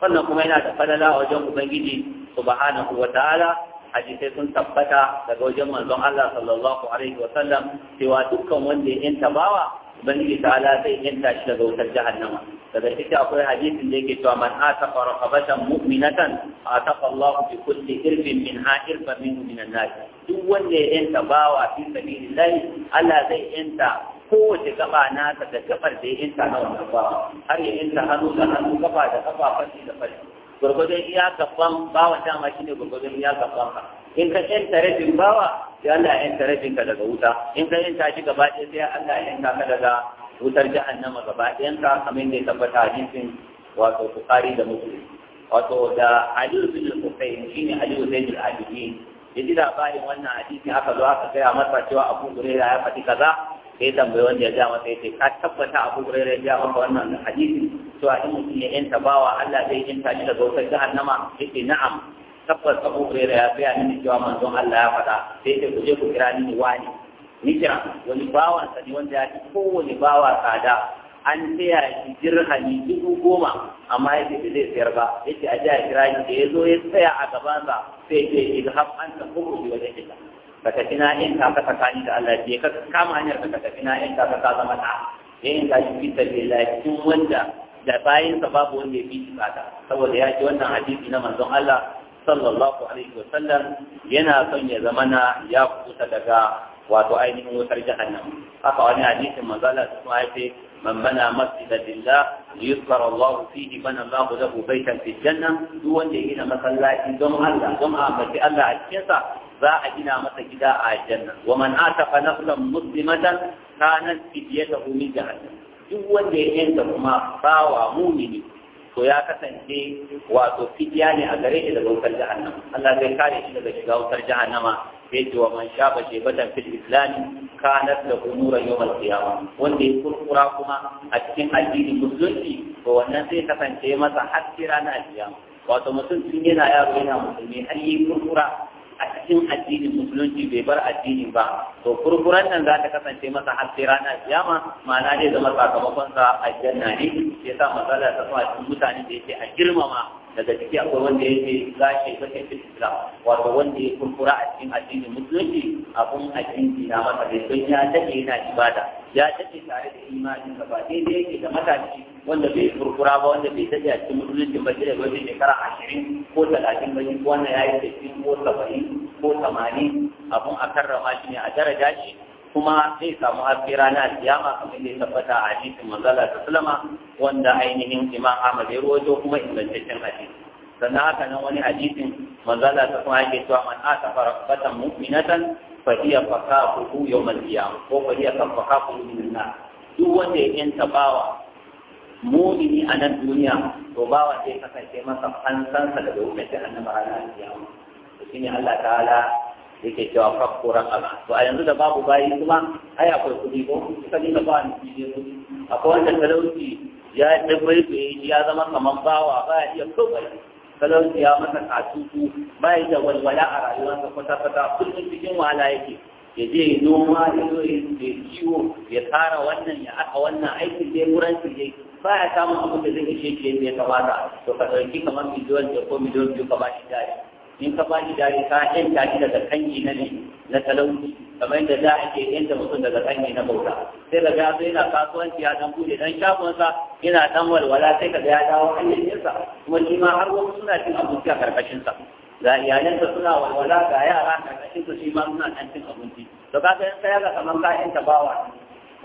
wannan kuma yana da fadala wajen ubangiji subhanahu wa ta'ala hadisai sun tabbata daga wajen manzon Allah sallallahu alaihi wa sallam cewa dukkan wanda ya yanta bawa ubangiji ta'ala zai yanta shi daga wutar jahannama daga cikin akwai hadisin da yake cewa man ataqa raqabatan mu'minatan ataqa Allah bi kulli irbin minha irfan minhu min an-nar duk wanda ya yanta bawa fi sabilillah Allah zai yanta kowace gaba nasa da gabar da ya yanta na wannan bawa har ya yanta hannu da hannu gaba da kafa farci da farci gurgudun iya gaban bawa dama shi ne gurgudun iya gaban ka in ka yanta rabin bawa sai Allah ya yanta rabin ka daga wuta in ka yanta shi gaba ɗaya sai Allah ya yanta ka daga wutar jahannama gaba ɗayan ka kamar da ya tabbata hadisin wato bukari da muslim wato da aliyu bin al-husayn shine aliyu zain al-abidin yaji labarin wannan hadisi aka zo aka gaya masa cewa abu hurairah ya faɗi kaza sai tambayi wanda ya ja masa ya ce ka tabbata abu hurairar ya maka wannan hadisi to a in mutum ya yanta bawa Allah zai yanta shi daga wutar jahannama ya ce na'am tabbas abu hurairar ya biya mini cewa manzon Allah ya faɗa sai ce ku je ku kira ni wani ni kira wani bawansa ne wanda ya ci kowane bawa tsada an taya shi dirhami dubu goma amma ya ce zai sayar ba ya ce a jiya kira shi da ya zo ya tsaya a gabansa sai ya ce ilham an ta kuma shi wajen kita ka tafi na in ka kasa da Allah ya ka kama hanyar ka tafi na in ka kasa zama ta yayin da shi fitar da lafiyun wanda da bayan sa babu wanda ya fi ta. saboda ya ji wannan hadisi na manzon Allah sallallahu alaihi wasallam yana son ya zama na ya kusa daga wato ainihin wutar jahannam haka wani hadisin manzala su ma yace man bana masjida lillah yuzkara Allah fihi bana Allah lahu baitan fil janna duk wanda ya gina masallaci don Allah don ambaci Allah a cikin sa za a gina masa gida a aljanna wa man atafa nafsan muslimatan kanat fidyatuhu min jahannam duk wanda ya yanka kuma bawa mumini to ya kasance wato fidiya ne a gare shi daga wutar jahannama Allah zai kare shi daga shiga wutar jahannama sai ce wa man shaba shebatan fil islami kanat da kunura yawmal qiyama wanda ya kurkura kuma a cikin addinin musulunci to wannan zai kasance masa haskira na alkiyama wato mutum tun yana yaro yana musulmi har yi kurkura a cikin addinin musulunci bai bar addinin ba to kurkuran nan za ta kasance masa har sai rana kiyama ma'ana zai zama sakamakon sa aljanna ne yasa matsala ta sa mutane da yake a girmama daga ciki akwai wanda ya ce gashi kake cikin islam wato wanda ya kurkura a cikin addinin musulunci abun addini na masa ne don ya dade yana ibada ya dade tare da imanin ka ba dai yake da matashi wanda bai kurkura ba wanda bai dade a cikin musulunci ba shi da wajen shekara ashirin ko talatin ba ko wannan ya yi tafi ko saba'in ko tamanin abun a karrama shi ne a daraja shi kuma zai samu haske rana kiyama kamar da ya tabbata a hadisin manzala ta sulama wanda ainihin imam ahmad ya rawaito kuma ingantaccen hadisi sannan haka nan wani hadisin manzala ta kuma ake cewa man aka farabatan mu'minatan fa hiya yau yawmal qiyamah ko fa hiya fakafuhu min nar duk wanda ya yanta bawa mu'mini a nan duniya to bawa zai kasance masa an sansa daga wutar jahannama ranar kiyama to shine Allah ta'ala yake cewa fakko raka to a yanzu da babu bayi kuma ai akwai kuɗi ko kuka dinga ba ni kuɗi akwai wanda talauci ya dabbai bai ya zama kamar bawa ba ya iya kawai talauci ya masa katutu ba ya da walwala a rayuwarsa kwata-kwata kullum cikin wahala yake ya je yi noma ya zo ya ciwo, ya tsara wannan ya aka wannan aikin zai wuranci zai ba ya samun abin da zai ishe shi ya kamata to ka ɗauki kamar miliyon da ko miliyon biyu ka ba shi jari in ka ba shi dare ka yanta shi daga kanyi na ne na talauci kamar yadda za a ke da mutum daga kanyi na bauta sai ka ga sai yana kasuwanci ya dan bude dan shagonsa yana dan walwala sai ka ga ya dawo hanyarsa kuma shi ma har wasu suna cin abinci a karkashinsa ga iyalansa suna walwala ga yara karkashinsa shi ma suna dan cin abinci to ka ga yanka yaga kamar ka yanta bawa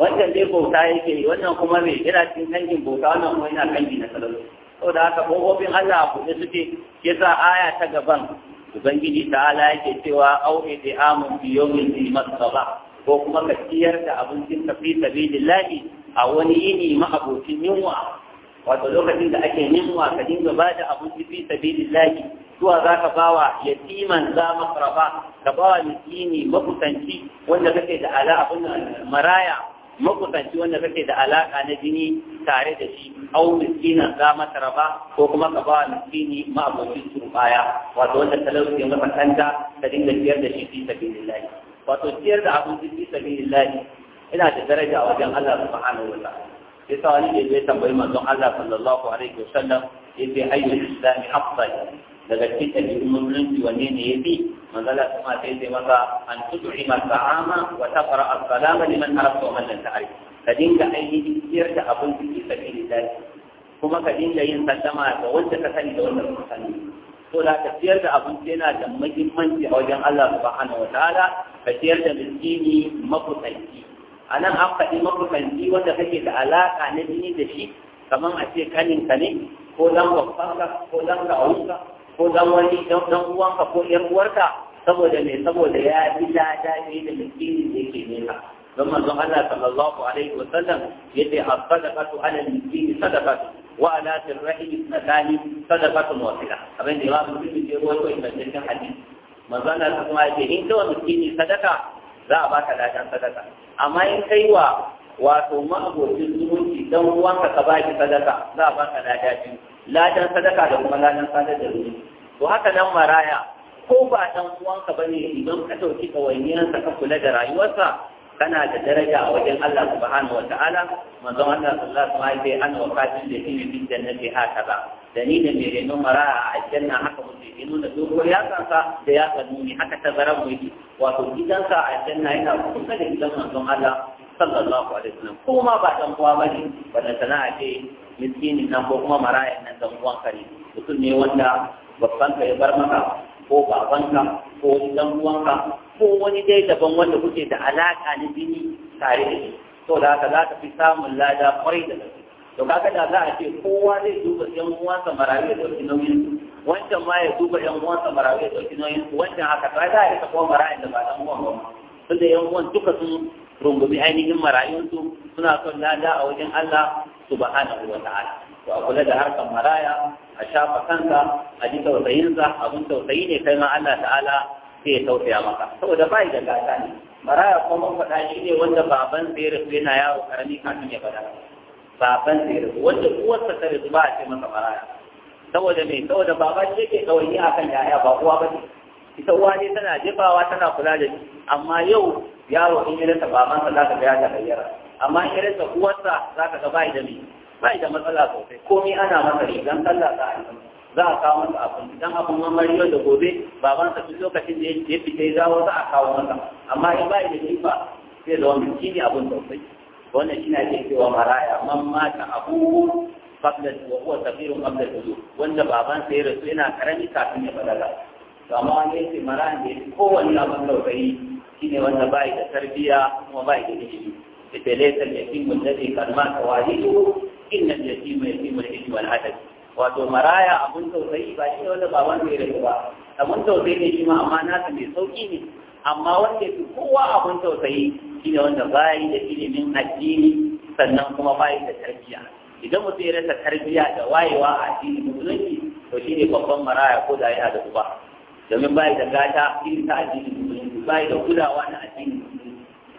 wannan dai bauta yake wannan kuma me yana cin kangin bauta wannan kuma yana kangi na talauci sau da haka ƙofofin Allah a buɗe suke ya sa aya ta gaban Ubangiji ta ala yake cewa auɗe da biyo biyomin zimar gaba ko kuma ka ciyar da abincin ka fi sabilillahi a wani yini ma'abocin yunwa wato lokacin da ake yunwa ka dinga ba da abinci fi sabilillahi zuwa za ka bawa yatiman za makaraba ka bawa miskini makusanci wanda kake da ala abin maraya makusanci wanda kake da alaka na jini tare da shi au miskina za mata raba ko kuma ka ba miskini ma'abocin turbaya wato wanda talauci ya kanta ka dinga ciyar da shi fi sabilillahi wato ciyar da abinci fi sabilillahi ina da daraja a wajen Allah subhanahu wa ta'ala yasa wani ne zai tambayi manzon Allah sallallahu alaihi wasallam yace ayyul islami afdal daga cikin ɗabi'un musulunci wanne ne ya fi manzala su ma sai sai maka an tutu ima ta'ama wa tafara as-salama liman arabta wa man ta'ari ka dinga ainihin ciyar da abin da ke sabi da kuma ka dinga yin sallama da wanda ka sani da wanda ka sani ko da ka ciyar da abinci yana da muhimmanci a wajen Allah subhanahu wataala ka ciyar da miskini makusanci a nan an faɗi makusanci wanda kake da alaƙa na jini da shi kamar a ce kaninka ne ko dan babbanka ko dan kawunka ko dan wani dan uwanka ko yar uwarka saboda me saboda ya fi lada ne da miskini da yake nema don manzon Allah sallallahu alaihi wa sallam yace as-sadaqatu ala al-miskini sadaqatu wa ala sirrihi sadaqani sadaqatu wasila abin da Imam Muslim ya rawaito inda cikin hadisi manzon Allah kuma yace in ta miskini sadaka za a baka ladan sadaka amma in kai wa wato ma'abocin zumunci dan uwanka ka baki sadaka za a baka lada biyu ladan sadaka da kuma ladan sadar da zuci to haka nan maraya ko ba dan uwanka ba ne idan ka dauki kawainiyarsa ka kula da rayuwarsa kana da daraja a wajen Allah subhanahu wa ta'ala manzon Allah sallallahu alaihi wa sallam ana wakatin da shi bin jannati hakaza da ni da mai renon maraya a aljanna haka mutum ya nuna dogon yatsansa da ya nuni haka ta zaran mu yake wato gidansa a aljanna yana kusa da gidan manzon Allah sallallahu alaihi wa sallam ko ma ba dan uwa ba ne? wannan sana'a ce miskini nan ko kuma maraya nan da uwan kare mutum ne wanda babban ka ya bar maka ko baban ka, ko wani uwan ka, ko wani dai daban wanda kuke da alaka na jini tare da shi to da haka za ka fi samun lada kwarai da gaske to kaga da za a ce kowa zai duba yan uwansa marayu da dauki nauyin wancan ma ya duba yan uwansa marayu da dauki nauyin wancan haka to za a ko kuma marayu da ba dan uwan ba tunda yan uwan duka sun rungumi ainihin marayunsu suna son lada a wajen Allah subhanahu wa ta'ala to a kula da harkar maraya a shafa kanka a ji tausayinsa abin tausayi ne kai ma Allah ta'ala sai ya tausaya maka saboda bai da gata ne maraya kuma faɗa shi ne wanda baban sa yana yaro karami kafin ya faɗa baban sa ya wanda uwarsa ta rasu ba a ce masa maraya saboda me saboda baba shi yake kawai akan yaya ba uwa ba ne ita uwa ne tana jefawa tana kula da shi amma yau yaro in ya rasa babansa za ka ga ya amma in ya rasa uwarsa za ka ga bai da ni. bai da matsala sosai komai ana masa rigan sallah za a yi za a kawo masa abin idan abin mamariyo da gobe babansa duk lokacin da ya fita ya za a kawo masa amma in bai da shi ba sai zama mai shi ne abin sosai wannan shi na ke cewa maraya man mata abubu qabla wa huwa safiru da tuzu wanda babansa ya rasu yana karami kafin ya balaga to amma wani yake maraya ne kowanne abin sosai shine wanda bai da tarbiya kuma bai da ilimi da laysa al-yatim alladhi kan mata walidu inna al-yatima yatimu al mun wal adab wato maraya abun tausayi ba shi wanda ba wanda ya ba abun tausayi ne shi ma amma nasa mai sauki ne amma wanda ya fi kowa abun tausayi shine wanda bai da ilimin addini sannan kuma bai da tarbiya idan mutum ya rasa tarbiya da wayewa a addinin musulunci to shine babban maraya ko da yana da uba domin bai da gata irin ta addini bai da kulawa na addini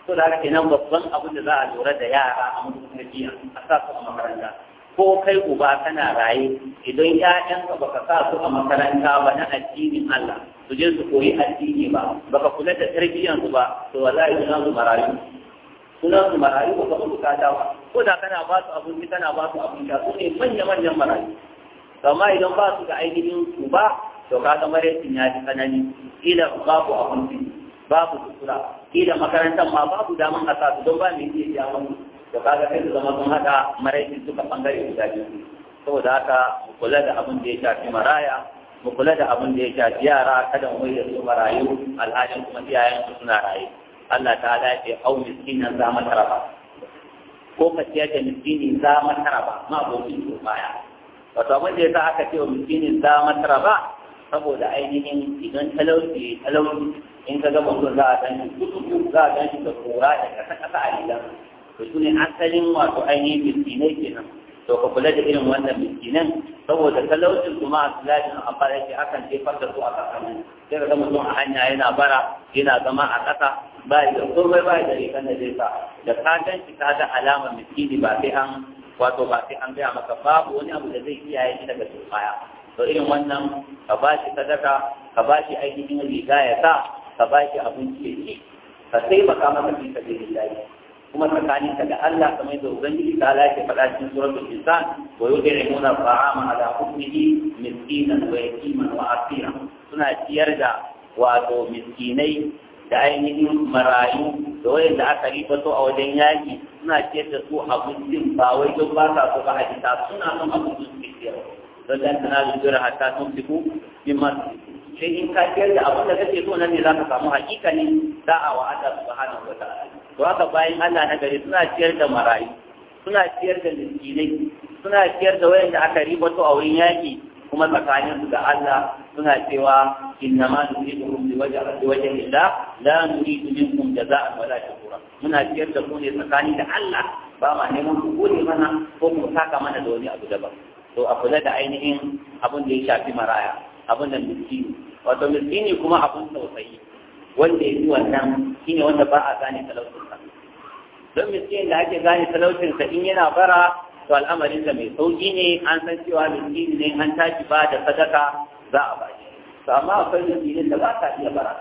to da haka nan babban abin da za a lura da yara a mutunci a sa su a makaranta ko kai uba kana raye idan ƴaƴanka baka sa su a makaranta ba na addinin Allah su je su koyi addini ba baka kula da tarbiyyar su ba to wallahi suna su marayu suna su marayu ba su bukata ba ko da kana ba su abinci kana ba su abinci su ne manya manyan marayu amma idan ba su da ainihin su ba to kaga maraicin ya ji tsanani kila babu abinci babu sutura kila makarantar ma babu daman a sasu don ba mai iya ya wani to kaga sai su zama sun haɗa maraicin suka bangare guda biyu saboda haka mu kula da abin da ya shafi maraya mu kula da abin da ya shafi yara kada mu yi da su marayu alhalin kuma iyayen su suna raye Allah ta ala ce au miskinan za mata raba ko ka ciyar da miskini za mata raba ma abokin su baya wato abin da ya sa aka ce wa miskinin za mata raba saboda ainihin idan talauci talauci in ka ga mutum za a dan shi za a dan shi da kora da kasa kasa a gidan to su ne asalin wato ainihin miskinai kenan to ka kula da irin wannan miskinan saboda talaucin kuma a sulajin a fara yake akan jefar da su a nan sai ka ga mutum a hanya yana bara yana zama a kasa ba ya da komai ba da rikan da zai sa da ka gan shi ka ga alamar miskini ba sai an wato ba sai an gaya maka babu wani abu da zai iya shi daga cikin to irin wannan ka ba shi sadaka ka ba shi ainihin riga ya sa ka ba shi abinci ya ci ka taimaka masa fi sabilillahi kuma tsakanin ka da Allah kamar da ubangiji ta Allah ke faɗa cikin suratul insan wa yud'imuna ta'ama ala hukmihi miskinan wa yatiman wa asira suna ciyar da wato miskinai da ainihin marayu da wayanda aka ribato a wajen yaki suna ciyar da su abincin ba wai don ba sa so ba a suna son abincin su ciyarwa lalla ta na lura hatta sun fiku min ma sai in ka ciyar da abin da kake so nan ne za ka samu hakika ne da'a wa Allah subhanahu wa ta'ala to haka bayan Allah na gari suna ciyar da marayu suna ciyar da miskinai suna ciyar da wayanda aka riba to a wurin yaki kuma tsakanin su da Allah suna cewa inna ma nuridukum liwajhi wajhi Allah la nuridu minkum jazaa'an wala shukura muna ciyar da ku ne tsakani da Allah ba ma neman ku gode mana ko ku saka mana da wani abu daban to a kula da ainihin abin da ya shafi maraya abin da ne. wato ne kuma abin tausayi wanda ya yi wannan shine wanda ba a gane talautinsa don miskin da ake gane talautinsa in yana bara to al'amarin da mai sauƙi ne an san cewa miski ne an tashi ba da sadaka za a bashi to amma akwai miskinin da ba ka iya bara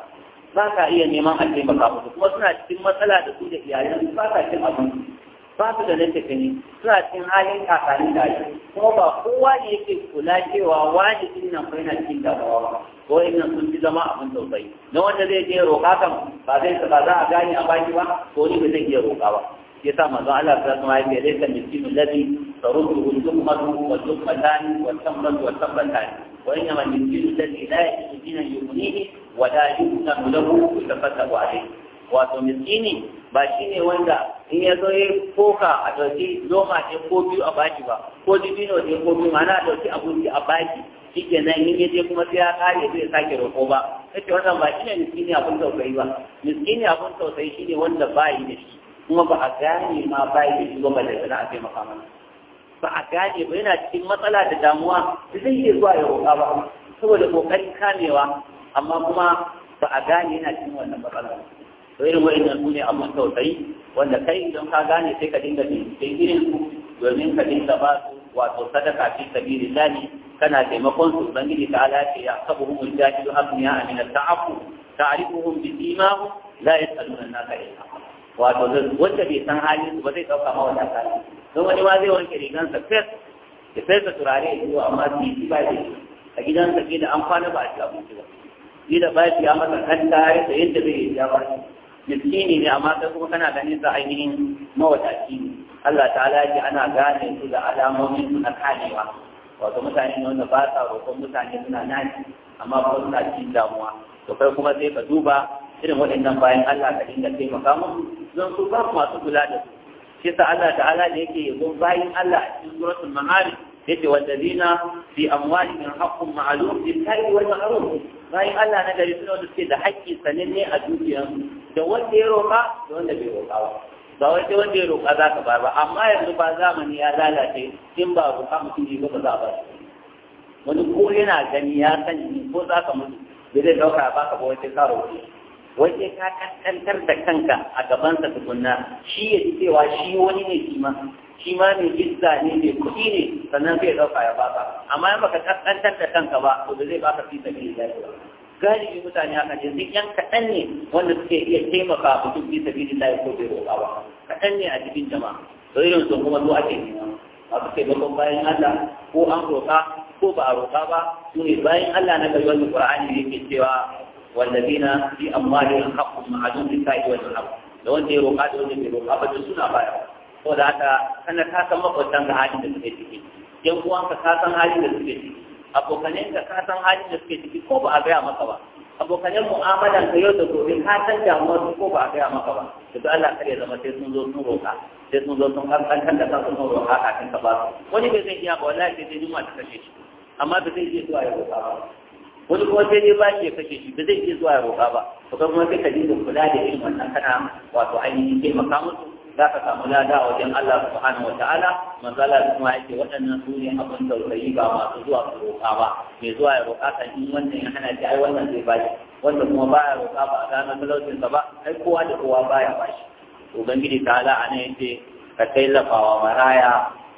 ba ka iya neman a taimaka musu kuma suna cikin matsala da su da iyalansu ba ka cin abinci ba su da nake gani suna cikin halin kakani da shi kuma ba kowa ne yake kula cewa wani din nan fa yana cikin damuwa ba ko ina sun fi zama abin tausayi na wanda zai je roƙa kan ba zai ta ba za a gani a baki ba ko ni ba zai iya roƙa ba ya sa manzon Allah ta zama ya ce kan miskinu ladhi taruddu al-lummatu wa al-lummatan wa al-tamratu wa al-tamratan wa innama al-miskinu ladhi la yajidu dinan yughnihi wa la yughnanu lahu wa tafattahu alayhi wato miskini ba shi ne wanda in ya zo ya koka a ɗauki zoma ce ko biyu a baki ba ko dibino ne ko biyu mana a ɗauki abinci a baki shi ke nan in ya je kuma sai ya kare zai sake roƙo ba kace wannan ba shi ne miskini abin tausayi ba miskini abin tausayi shi ne wanda ba yi da shi kuma ba a gane ma ba yi da shi ba da a taimaka mana ba a gane ba yana cikin matsala da damuwa da zai iya zuwa ya roƙa ba saboda ƙoƙarin kamewa amma kuma ba a gane yana cikin wannan matsala to irin wa'annan su ne abun tausayi wanda kai idan ka gane sai ka dinga binciken irin su domin ka dinga ba su wato sadaka fi sabilillahi kana taimakon su ubangiji ta ala ce ya sabu humul jahilu hafniya amina ta'afu ta'rifuhum bi imahu la yasaluna naka ilha wato wanda bai san halin su ba zai dauka ma wata kala don wani ma zai wanke rigansa fes da fesa turare ya zuwa amma su yi ba da shi a gidansa ke da an kwana ba a ci abinci ba shi da ba shi ya masa kanta ya da yadda zai yi ya ba shi miskini ne amma sai kuma kana ganin sa ainihin mawadaci ne Allah ta'ala ji ana gane su da alamomin su na kanewa wato mutane ne wanda ba sa roƙon mutane suna naji, amma ba su suna cikin damuwa to kai kuma sai ka duba irin waɗannan bayan Allah ka dinga taimaka musu don su ba masu kula da su shi sa Allah ta'ala da yake yabo bayan Allah a cikin suratul ma'arij yace wallazina fi amwalihim haqqun ma'lum lil-kafiri wal-ma'ruf bayan Allah na gari suna wanda suke da haƙƙi sananne a dukiyansu da wanda ya roƙa da wanda bai roƙa ba ba wanda wanda ya roƙa za ka ba ba amma yanzu ba zamani ya lalace in ba roƙa mutum ne ba za a ba wani ko yana gani ya sani ko za ka mutu bai zai ɗauka ba ka ba wata ka roƙe wace ka kankantar da kanka a gabansa tukunna shi ya ji cewa shi wani ne shi ma shi ma ne izza ne mai kuɗi ne sannan zai ɗauka ya baka amma in baka kaskantar da kanka ba to da zai baka fi da ne ba galibi mutane a kan yanzu yan kaɗan ne wanda suke iya taimaka mutum fi sabi da ko bai roƙa ba kaɗan ne a cikin jama'a to irin sun kuma zuwa ake nema masu taimakon bayan Allah ko an roƙa ko ba a roƙa ba su ne bayan Allah na gari wanda Qur'ani yake cewa wallazina fi amwalihim haqqun ma'lum lis-sa'i wal da wanda ya roƙa da wanda bai roƙa ba suna baya ko da haka kana ka san makwabtan ga halin da suke ciki yan uwanka ka san halin da suke ciki abokanen ka ka san halin da suke ciki ko ba a gaya maka ba abokanen mu'amalan ka yau da gobe ka san damuwar ko ba a gaya maka ba to dan Allah kare zama sai sun zo sun roka sai sun zo sun kan da ka sun roka kafin ka ba wani bai zai iya ba wallahi sai dai juma'a ta kashe shi amma ba zai iya zuwa ya roka ba wani kuma sai dai shi ya kashe shi ba zai iya zuwa ya roka ba to kuma sai ka dinga kula da irin wannan kana wato ainihin taimaka musu za ka samu lada a wajen Allah subhanahu wa ta'ala manzala kuma yake waɗannan su ne abin tausayi ba masu zuwa su roƙa ba mai zuwa ya roƙa kan in wannan ya hana shi wannan zai shi wanda kuma ba ya roƙa ba a gano talaucinsa ba ai kowa da kowa baya bashi ubangiji ta a ana yace ka tallafawa maraya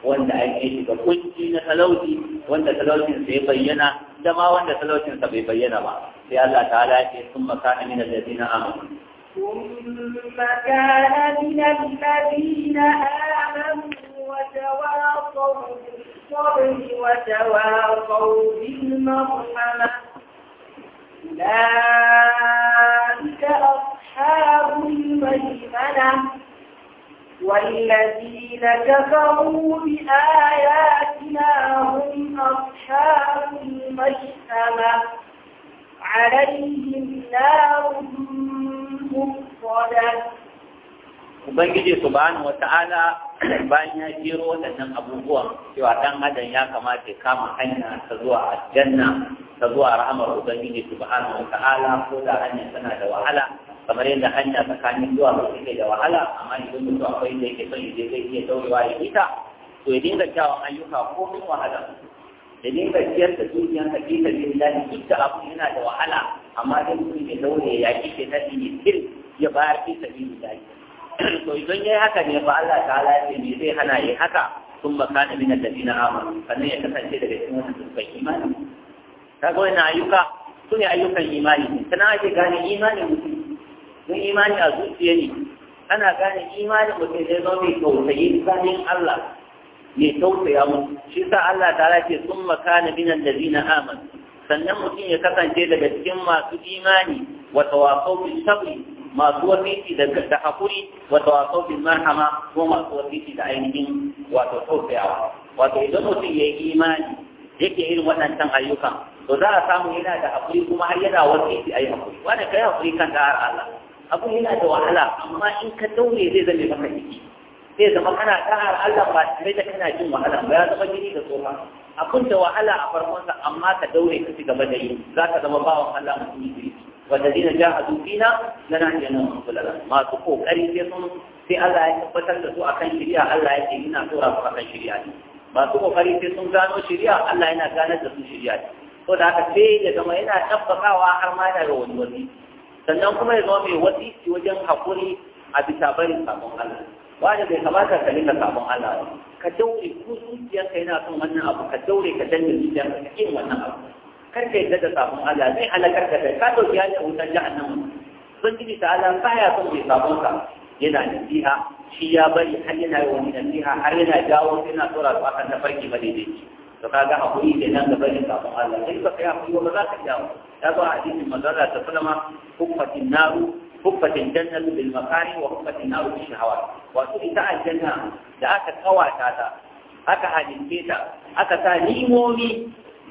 wanda ake shiga kunci na talauci wanda talaucinsa ya bayyana da ma wanda talaucinsa bai bayyana ba sai Allah ta'ala ya ce sun makana min na amanu ثم كان من الذين آمنوا وتواصوا بالصبر وتواصوا بالمرحمة أولئك أصحاب الميمنة والذين كفروا بآياتنا هم أصحاب الميمنة عليهم نار ba ni wata ala bayan ya jero waɗannan abubuwan cewa ɗan adam ya kamata ya kama hanya ta zuwa aljanna ta zuwa rahamar Ubangiji wata ala ko da hanya tana da wahala kamar yadda hanya tsakanin zuwa ba take da wahala amma idan mutum akwai da yake son yaje zai iya daurewa ya ita to ya dinga kyawun ayyuka ko min wahala ya dinga ciyar da dukiyanka fi sabilillah duk da abu yana da wahala amma dai mutum zai daure ya yaki ke nadi ne kir ya bayar fi sabi da to idan yayi haka ne fa Allah ta'ala ya ce me zai hana yi haka sun ba makana min alladina amanu sannan ya kasance daga cikin wannan dukkan imani kaga wannan ayyuka sune ayyukan imani kana ake gane imanin mutum don imani a zuciya ne ana gane imanin mutum zai zama mai tausayi tsanin Allah mai tausaya mu shi sa Allah ta ce sun ba makana min alladina amanu sannan mutum ya kasance daga cikin masu imani wa tawasau bil sabri masu wasiti da hakuri wa tawasau bil marhama ko masu wasiti da ainihin wato tausayawa wato idan mutum ya yi imani yake irin waɗancan ayyukan to za a samu yana da hakuri kuma har yana wasiti ayi hakuri wanda kai hakuri kan da Allah abu yana da wahala amma in ka daure zai zame maka jiki zai zama kana da'ar Allah ba tare da kana jin wahala ba ya zama gini da tsofa abin da wahala a farkonsa amma ka daure ka ci gaba da yi za ka zama bawan Allah mutum ne والذين جاهدوا فينا لنهدينهم سبلنا ما تقو قري سيسون sai Allah ya tabbatar da su akan shari'a Allah ya ce ina tura su akan shari'a ne Masu su kokari sai sun gano shari'a Allah yana ganar da su shari'a ne ko da haka sai ya zama yana tabbakawa har ma da wani wani. sannan kuma ya zama mai wasi wajen hakuri a bisa barin sabon Allah wanda bai kamata ka rinka sabon Allah ba ka daure ko zuciyarka yana son wannan abu ka daure ka danne zuciyarka ka kin wannan abu kar ka yadda da sabon Allah zai halakar ka kai ka dauki hanya wutar Ban ubangiji ta Allah ya son mai sabon ka yana nasiha shi ya bari har yana yi wani nasiha har yana dawo yana tsora su akan tafarki ba daidai to kaga hakuri da nan da bari sabon Allah sai ba kai hakuri ba za ka dawo ya zo a hadisin manzon ta sallama hukmatin naru huffatin jannatu bil makari wa huffatin naru bil shahawat wato ita aljanna da aka kawata ta aka halice ta aka sa nimomi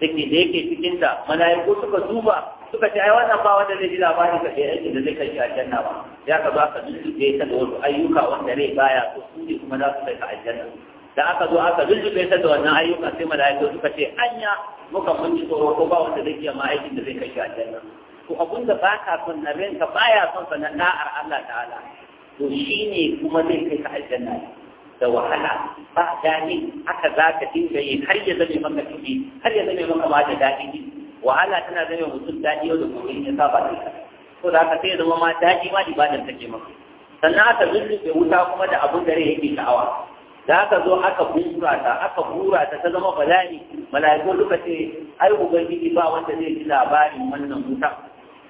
da ke da yake cikin ta mala'iku suka duba suka ce ai wannan ba wanda zai ji labari ka da yake da zai kai shi aljanna ba ya ka ba ka dindube ta da wasu ayyuka wanda rai baya so su ne kuma za su kai ka aljanna da aka zo aka dindube ta da wannan ayyuka sai mala'iku suka ce anya muka mun ji tsoro ko ba wanda zai iya ma aikin da zai kai shi aljanna to abin da ba ka son na ranka ya son sa na da'ar Allah ta'ala to ne kuma zai kai ka aljanna da wahala ba dani haka za ka dinga yi har ya zame maka kudi har ya zame maka ba da daɗi wahala tana zame mutum daɗi yau da gobe ya saba da ita to za ka sai zama ma daɗi ma ibadan take maka sannan aka zuzzube wuta kuma da abin da rai yake sha'awa da aka zo aka bura ta aka bura ta ta zama bala'i mala'iku duka ce ai ubangiji ba wanda zai ji labarin wannan wuta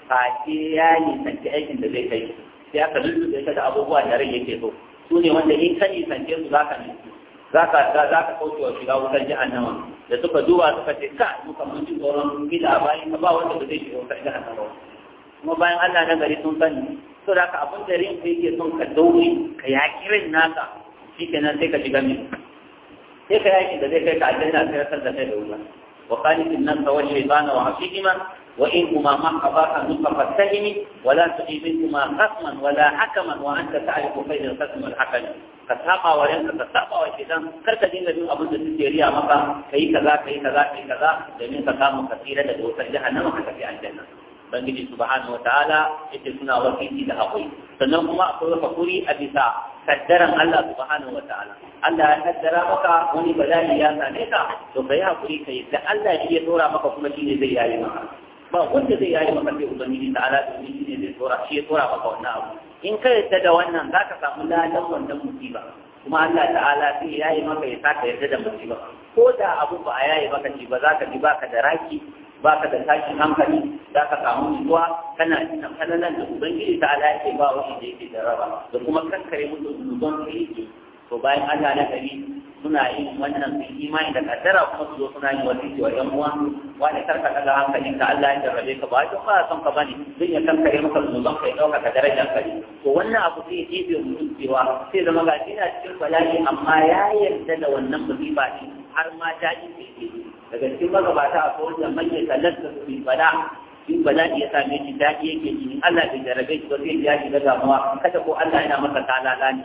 Fashe ya sanke aikin da zai kai sai aka lulluɓe ta da abubuwa da rai yake so su ne wanda in ka sanke su za ka za ka kauce wa shiga wutar jahannama da suka duba suka ce ka muka mun ji tsoron gida bayan ka ba wanda ba zai shiga wutar jahannama kuma bayan Allah na gari sun sani so da ka abin da rin kai ke son ka dauri ka ya kirin naka shi kenan sai ka shiga mai sai ka yaki da zai kai ka aljanna sai ka san da kai da wuta وقال qanitin nafsa wa shaytana wa وإنهما ما قضاء النصف السهم ولا تجي منهما خصما ولا حكما وأنت تعرف خير الخصم الحكم قد ساقى وينك قد ساقى وإتزام قلت دين لديه أبو الزيارية مقا كي كذا كي كذا كي كذا جميع تقام كثيرا لديه وسجح نمحة في عندنا بنجد سبحانه وتعالى إتكنا وكيد إذا أقوي فنوهما أقول فكوري أبي ساعة الله سبحانه وتعالى الله قدر مقا وني بلالي يا سانيكا تو بيها كوري كيد لألا يدورا مقا كما كيد زياري مقا ba wanda zai yayi maka sai ubangiji ta ala da shi ne zai tsora shi ya tsora maka wannan abu in ka yarda da wannan za ka samu ladan wannan musiba kuma Allah ta'ala sai ya yi maka ya saka yarda da musiba ko da abu ba a yayi maka ci ba za ka ji baka da raki baka da tashin hankali za ka samu nutsuwa kana nan da ubangiji ta ala yake ba wani da yake da raba da kuma kankare mutum zunuban ka yake to bayan Allah na gari suna yin wannan sun imani da kaddara kuma su zo suna yin wani wa ɗan uwa wani karka daga hankali ka Allah ya jarrabe ka ba don ba son ka bane zai ya karkare maka zunuban kai, ya ka darajar kai to wannan abu sai ya mutum cewa sai zama ga na cikin bala'i amma ya yarda da wannan musiba ne har ma ta yi fiye daga cikin magabata a kowace manyan kallon da su bala in bala'i ya same shi daɗi yake ji Allah bai jarrabe shi ba zai ya shiga damuwa kada ko Allah yana masa talala ne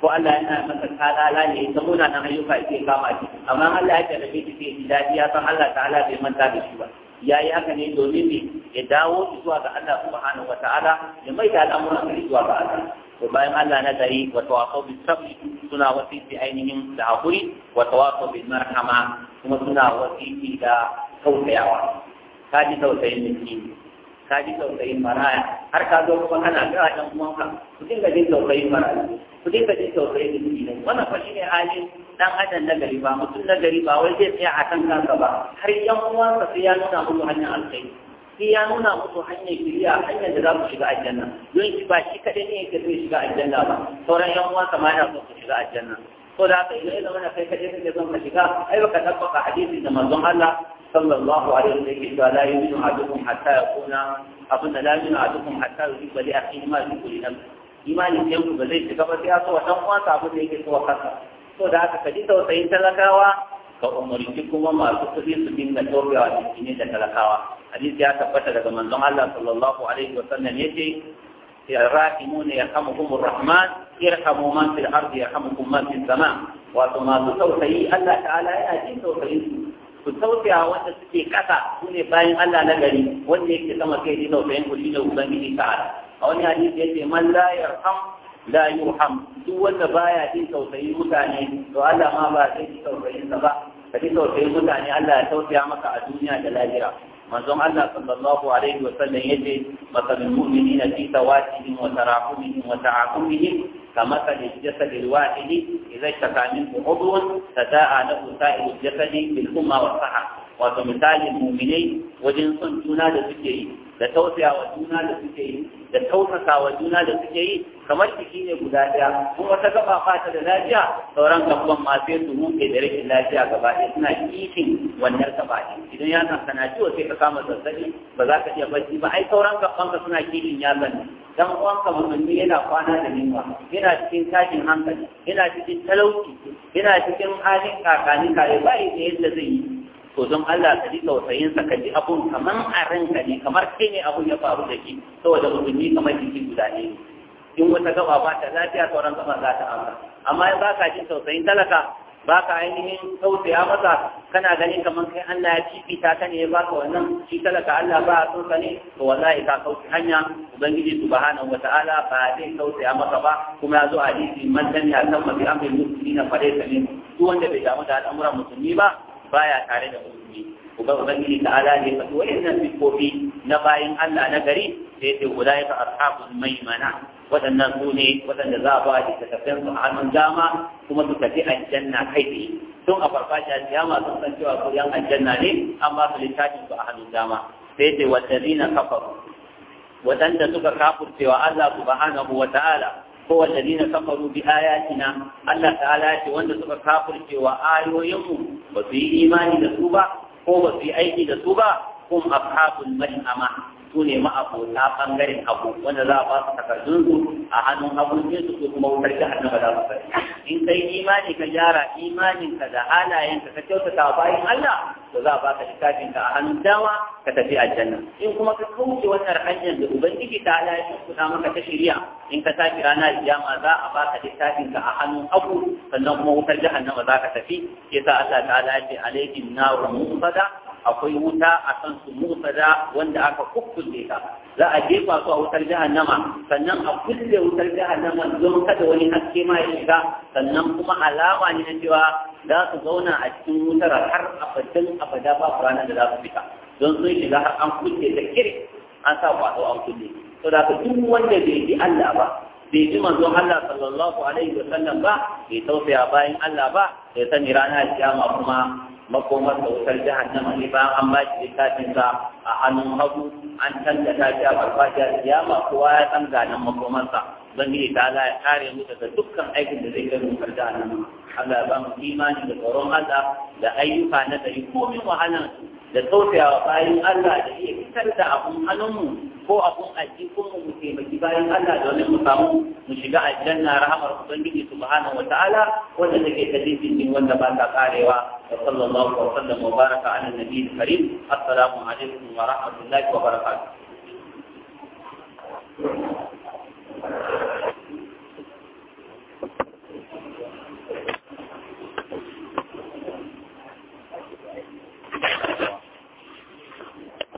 ko Allah yana masa kalala ne ta muna ayyuka ke kama shi amma Allah ya jarabe shi sai daɗi ya san Allah ta'ala bai manta da shi ba ya yi haka ne domin ne ya dawo zuwa ga Allah subhanahu wata'ala ya mai da al'amuran zuwa ga Allah to bayan Allah na gari wa tawaqaw bis sabr suna wasiti ainihin da hakuri wa tawaqaw bil marhama kuma suna wasiti da Ka ji tausayin miki ka ji tausayin maraya har ka zo kuma kana ga ɗan uwanka ku dinga jin tausayin maraya ku dinga jin tausayin jiki ne wannan fa shine halin dan adam na gari ba mutum na gari ba wai zai tsaya a kan kansa ba har yan uwansa sai ya nuna musu hanyar alkhairi sai ya nuna musu hanyar kiriya hanyar da za su shiga aljanna don shi ba shi kadai ne yake zai shiga aljanna ba sauran yan uwansa ma yana son su shiga aljanna ko da kai ne zama na kai kaɗai ne zan ka shiga ai baka tabbaka hadisin da manzon Allah sallallahu alaihi wasallam yake cewa la yu'minu ahadukum hatta yakuna abun da la yu'minu ahadukum hatta yuhibba li akhihi ma yuhibbu li nafsihi imanin ɗan ku ba zai shiga ba sai ya so wa ɗan uwansa abin da yake so wa kansa so da haka ka ji tausayin talakawa ka umarci kuma masu kuɗi su dinga tobewa jikini da talakawa hadisi ya tabbata daga manzon Allah sallallahu alaihi wa sallam yace الراحمون يرحمكم الرحمن ارحموا من في الارض يرحمكم من في السماء wato masu tausayi Allah ta'ala ya jin tausayin ku tausaya wanda suke kasa su ne bayan Allah na gari wanda yake sama kai ji tausayin ku shi ne ubangiji ta'ala a wani hadisi yace man la yarham la yurham duk wanda baya jin tausayin mutane to Allah ma ba zai ji tausayin sa ba ka ji tausayin mutane Allah ya tausaya maka a duniya da lahira manzon Allah sallallahu alaihi wa sallam yace masalul mu'minina fi tawatihim wa tarahumihim wa ta'aqumihim kama ka da jasadil wahidi idan shaka min na tada'a lahu sa'iru jasadi bil umma wa saha wato misalin mu'minai wajen son juna da suke yi da tausaya wa juna da suke yi da tausasa wa juna da suke yi kamar jiki ne guda ɗaya kuma ta gaba fata da lafiya sauran gaban ma sai su huke da rikin lafiya gaba ɗaya suna kishin wannan gaba idan ya san kana ciwo sai ka kama zazzabi ba za ka iya bacci ba ai sauran gaban ka suna kishin ya san dan uwan ka musulmi yana kwana da nima yana cikin tashin hankali yana cikin talauci yana cikin halin kakani kare da yadda zai yi to don Allah ka ji tausayin sa ka ji abun kamar a ranka ne kamar kai ne abun ya faru da shi saboda ni kamar jiki guda ne in wata gaba ba ta lafiya sauran gaba za ta amsa amma in ba ka jin tausayin talaka ba ka ainihin tausaya masa kana ganin kamar kai Allah ya fifita ta ne ba ka wannan shi talaka Allah ba a so ka ne to wallahi ka kauce hanya ubangiji subhanahu wataala ba zai tausaya masa ba kuma ya zo a hadisi man dan ya san mafi amrin muslimina fa laysa min duk wanda bai damu da al'amuran musulmi ba baya tare da musulmi kuma ubangiji ta ala ne fasu wa'annan siffofi na bayin Allah na gari sai ce ulaika ashabul maimana waɗannan su ne waɗanda za a ba da takafin su a hannun dama kuma su tafi aljanna kai tsaye tun a farfashiya kiyama sun san cewa su yan aljanna ne an ba su littafin su a hannun dama sai ce wallazina kafaru waɗanda suka wa Allah subhanahu wa ta'ala ko wadanda kafaru bi ayatina Allah ta'ala yake wanda suka kafir cewa ayoyinmu ba su yi imani da su ba ko ba su yi aiki da su ba kum ahabul malama su ne ma'abota ɓangaren abu wanda za a ba su takardun su a hannun abokin su ko kuma wutar jihar ba za su bari in kai imani ka gyara imanin ka da halayen ka kyautata wa bayan Allah to za a ka littafin ka a hannun dama ka tafi aljanna in kuma ka kauce wannan hanyar da ubangiji ta halaye ya kuɗa maka ta shirya in ka tafi ranar jama'a za a ba ka littafin ka a hannun abu sannan kuma wutar jihar jahannama za ka tafi sa Allah ta'ala ya ce alaikin mun fada. akwai wuta a kan su wanda aka kukkulle ta za a jefa su a wutar jahannama sannan a kulle wutar jahannama don kada wani haske ma ya shiga sannan kuma alama ne na cewa za su zauna a cikin wutar har abadan abada ba ranar da za su fita don sun shiga har an kulle da kiri an sa kwaɗo an kulle to duk wanda bai bi Allah ba bai ji manzon Allah sallallahu alaihi wa sallam ba bai tausaya bayan Allah ba Sai sani ranar kiyama kuma makomar da wutar jahannama ne ba an ba shi littafin sa a hannun hagu an ta shi a farfajiyar kiyama kowa ya san ganin makomarsa zan yi ta Allah ya kare mu daga dukkan aikin da zai kai wutar jahannama Allah ya ba mu imani da tsoron Allah da ayyuka na gari komin wahala. da wa bayan Allah da iya fitar da abun hannunmu ko abun ajiyunmu mu taimaki bayan Allah da wani mu samu mu shiga aljanna rahamar Ubangiji subhanahu wa ta'ala wanda take da dindin wanda ba ta karewa wa sallallahu wa sallam wa baraka ala nabiyil karim assalamu alaikum wa rahmatullahi wa barakatuh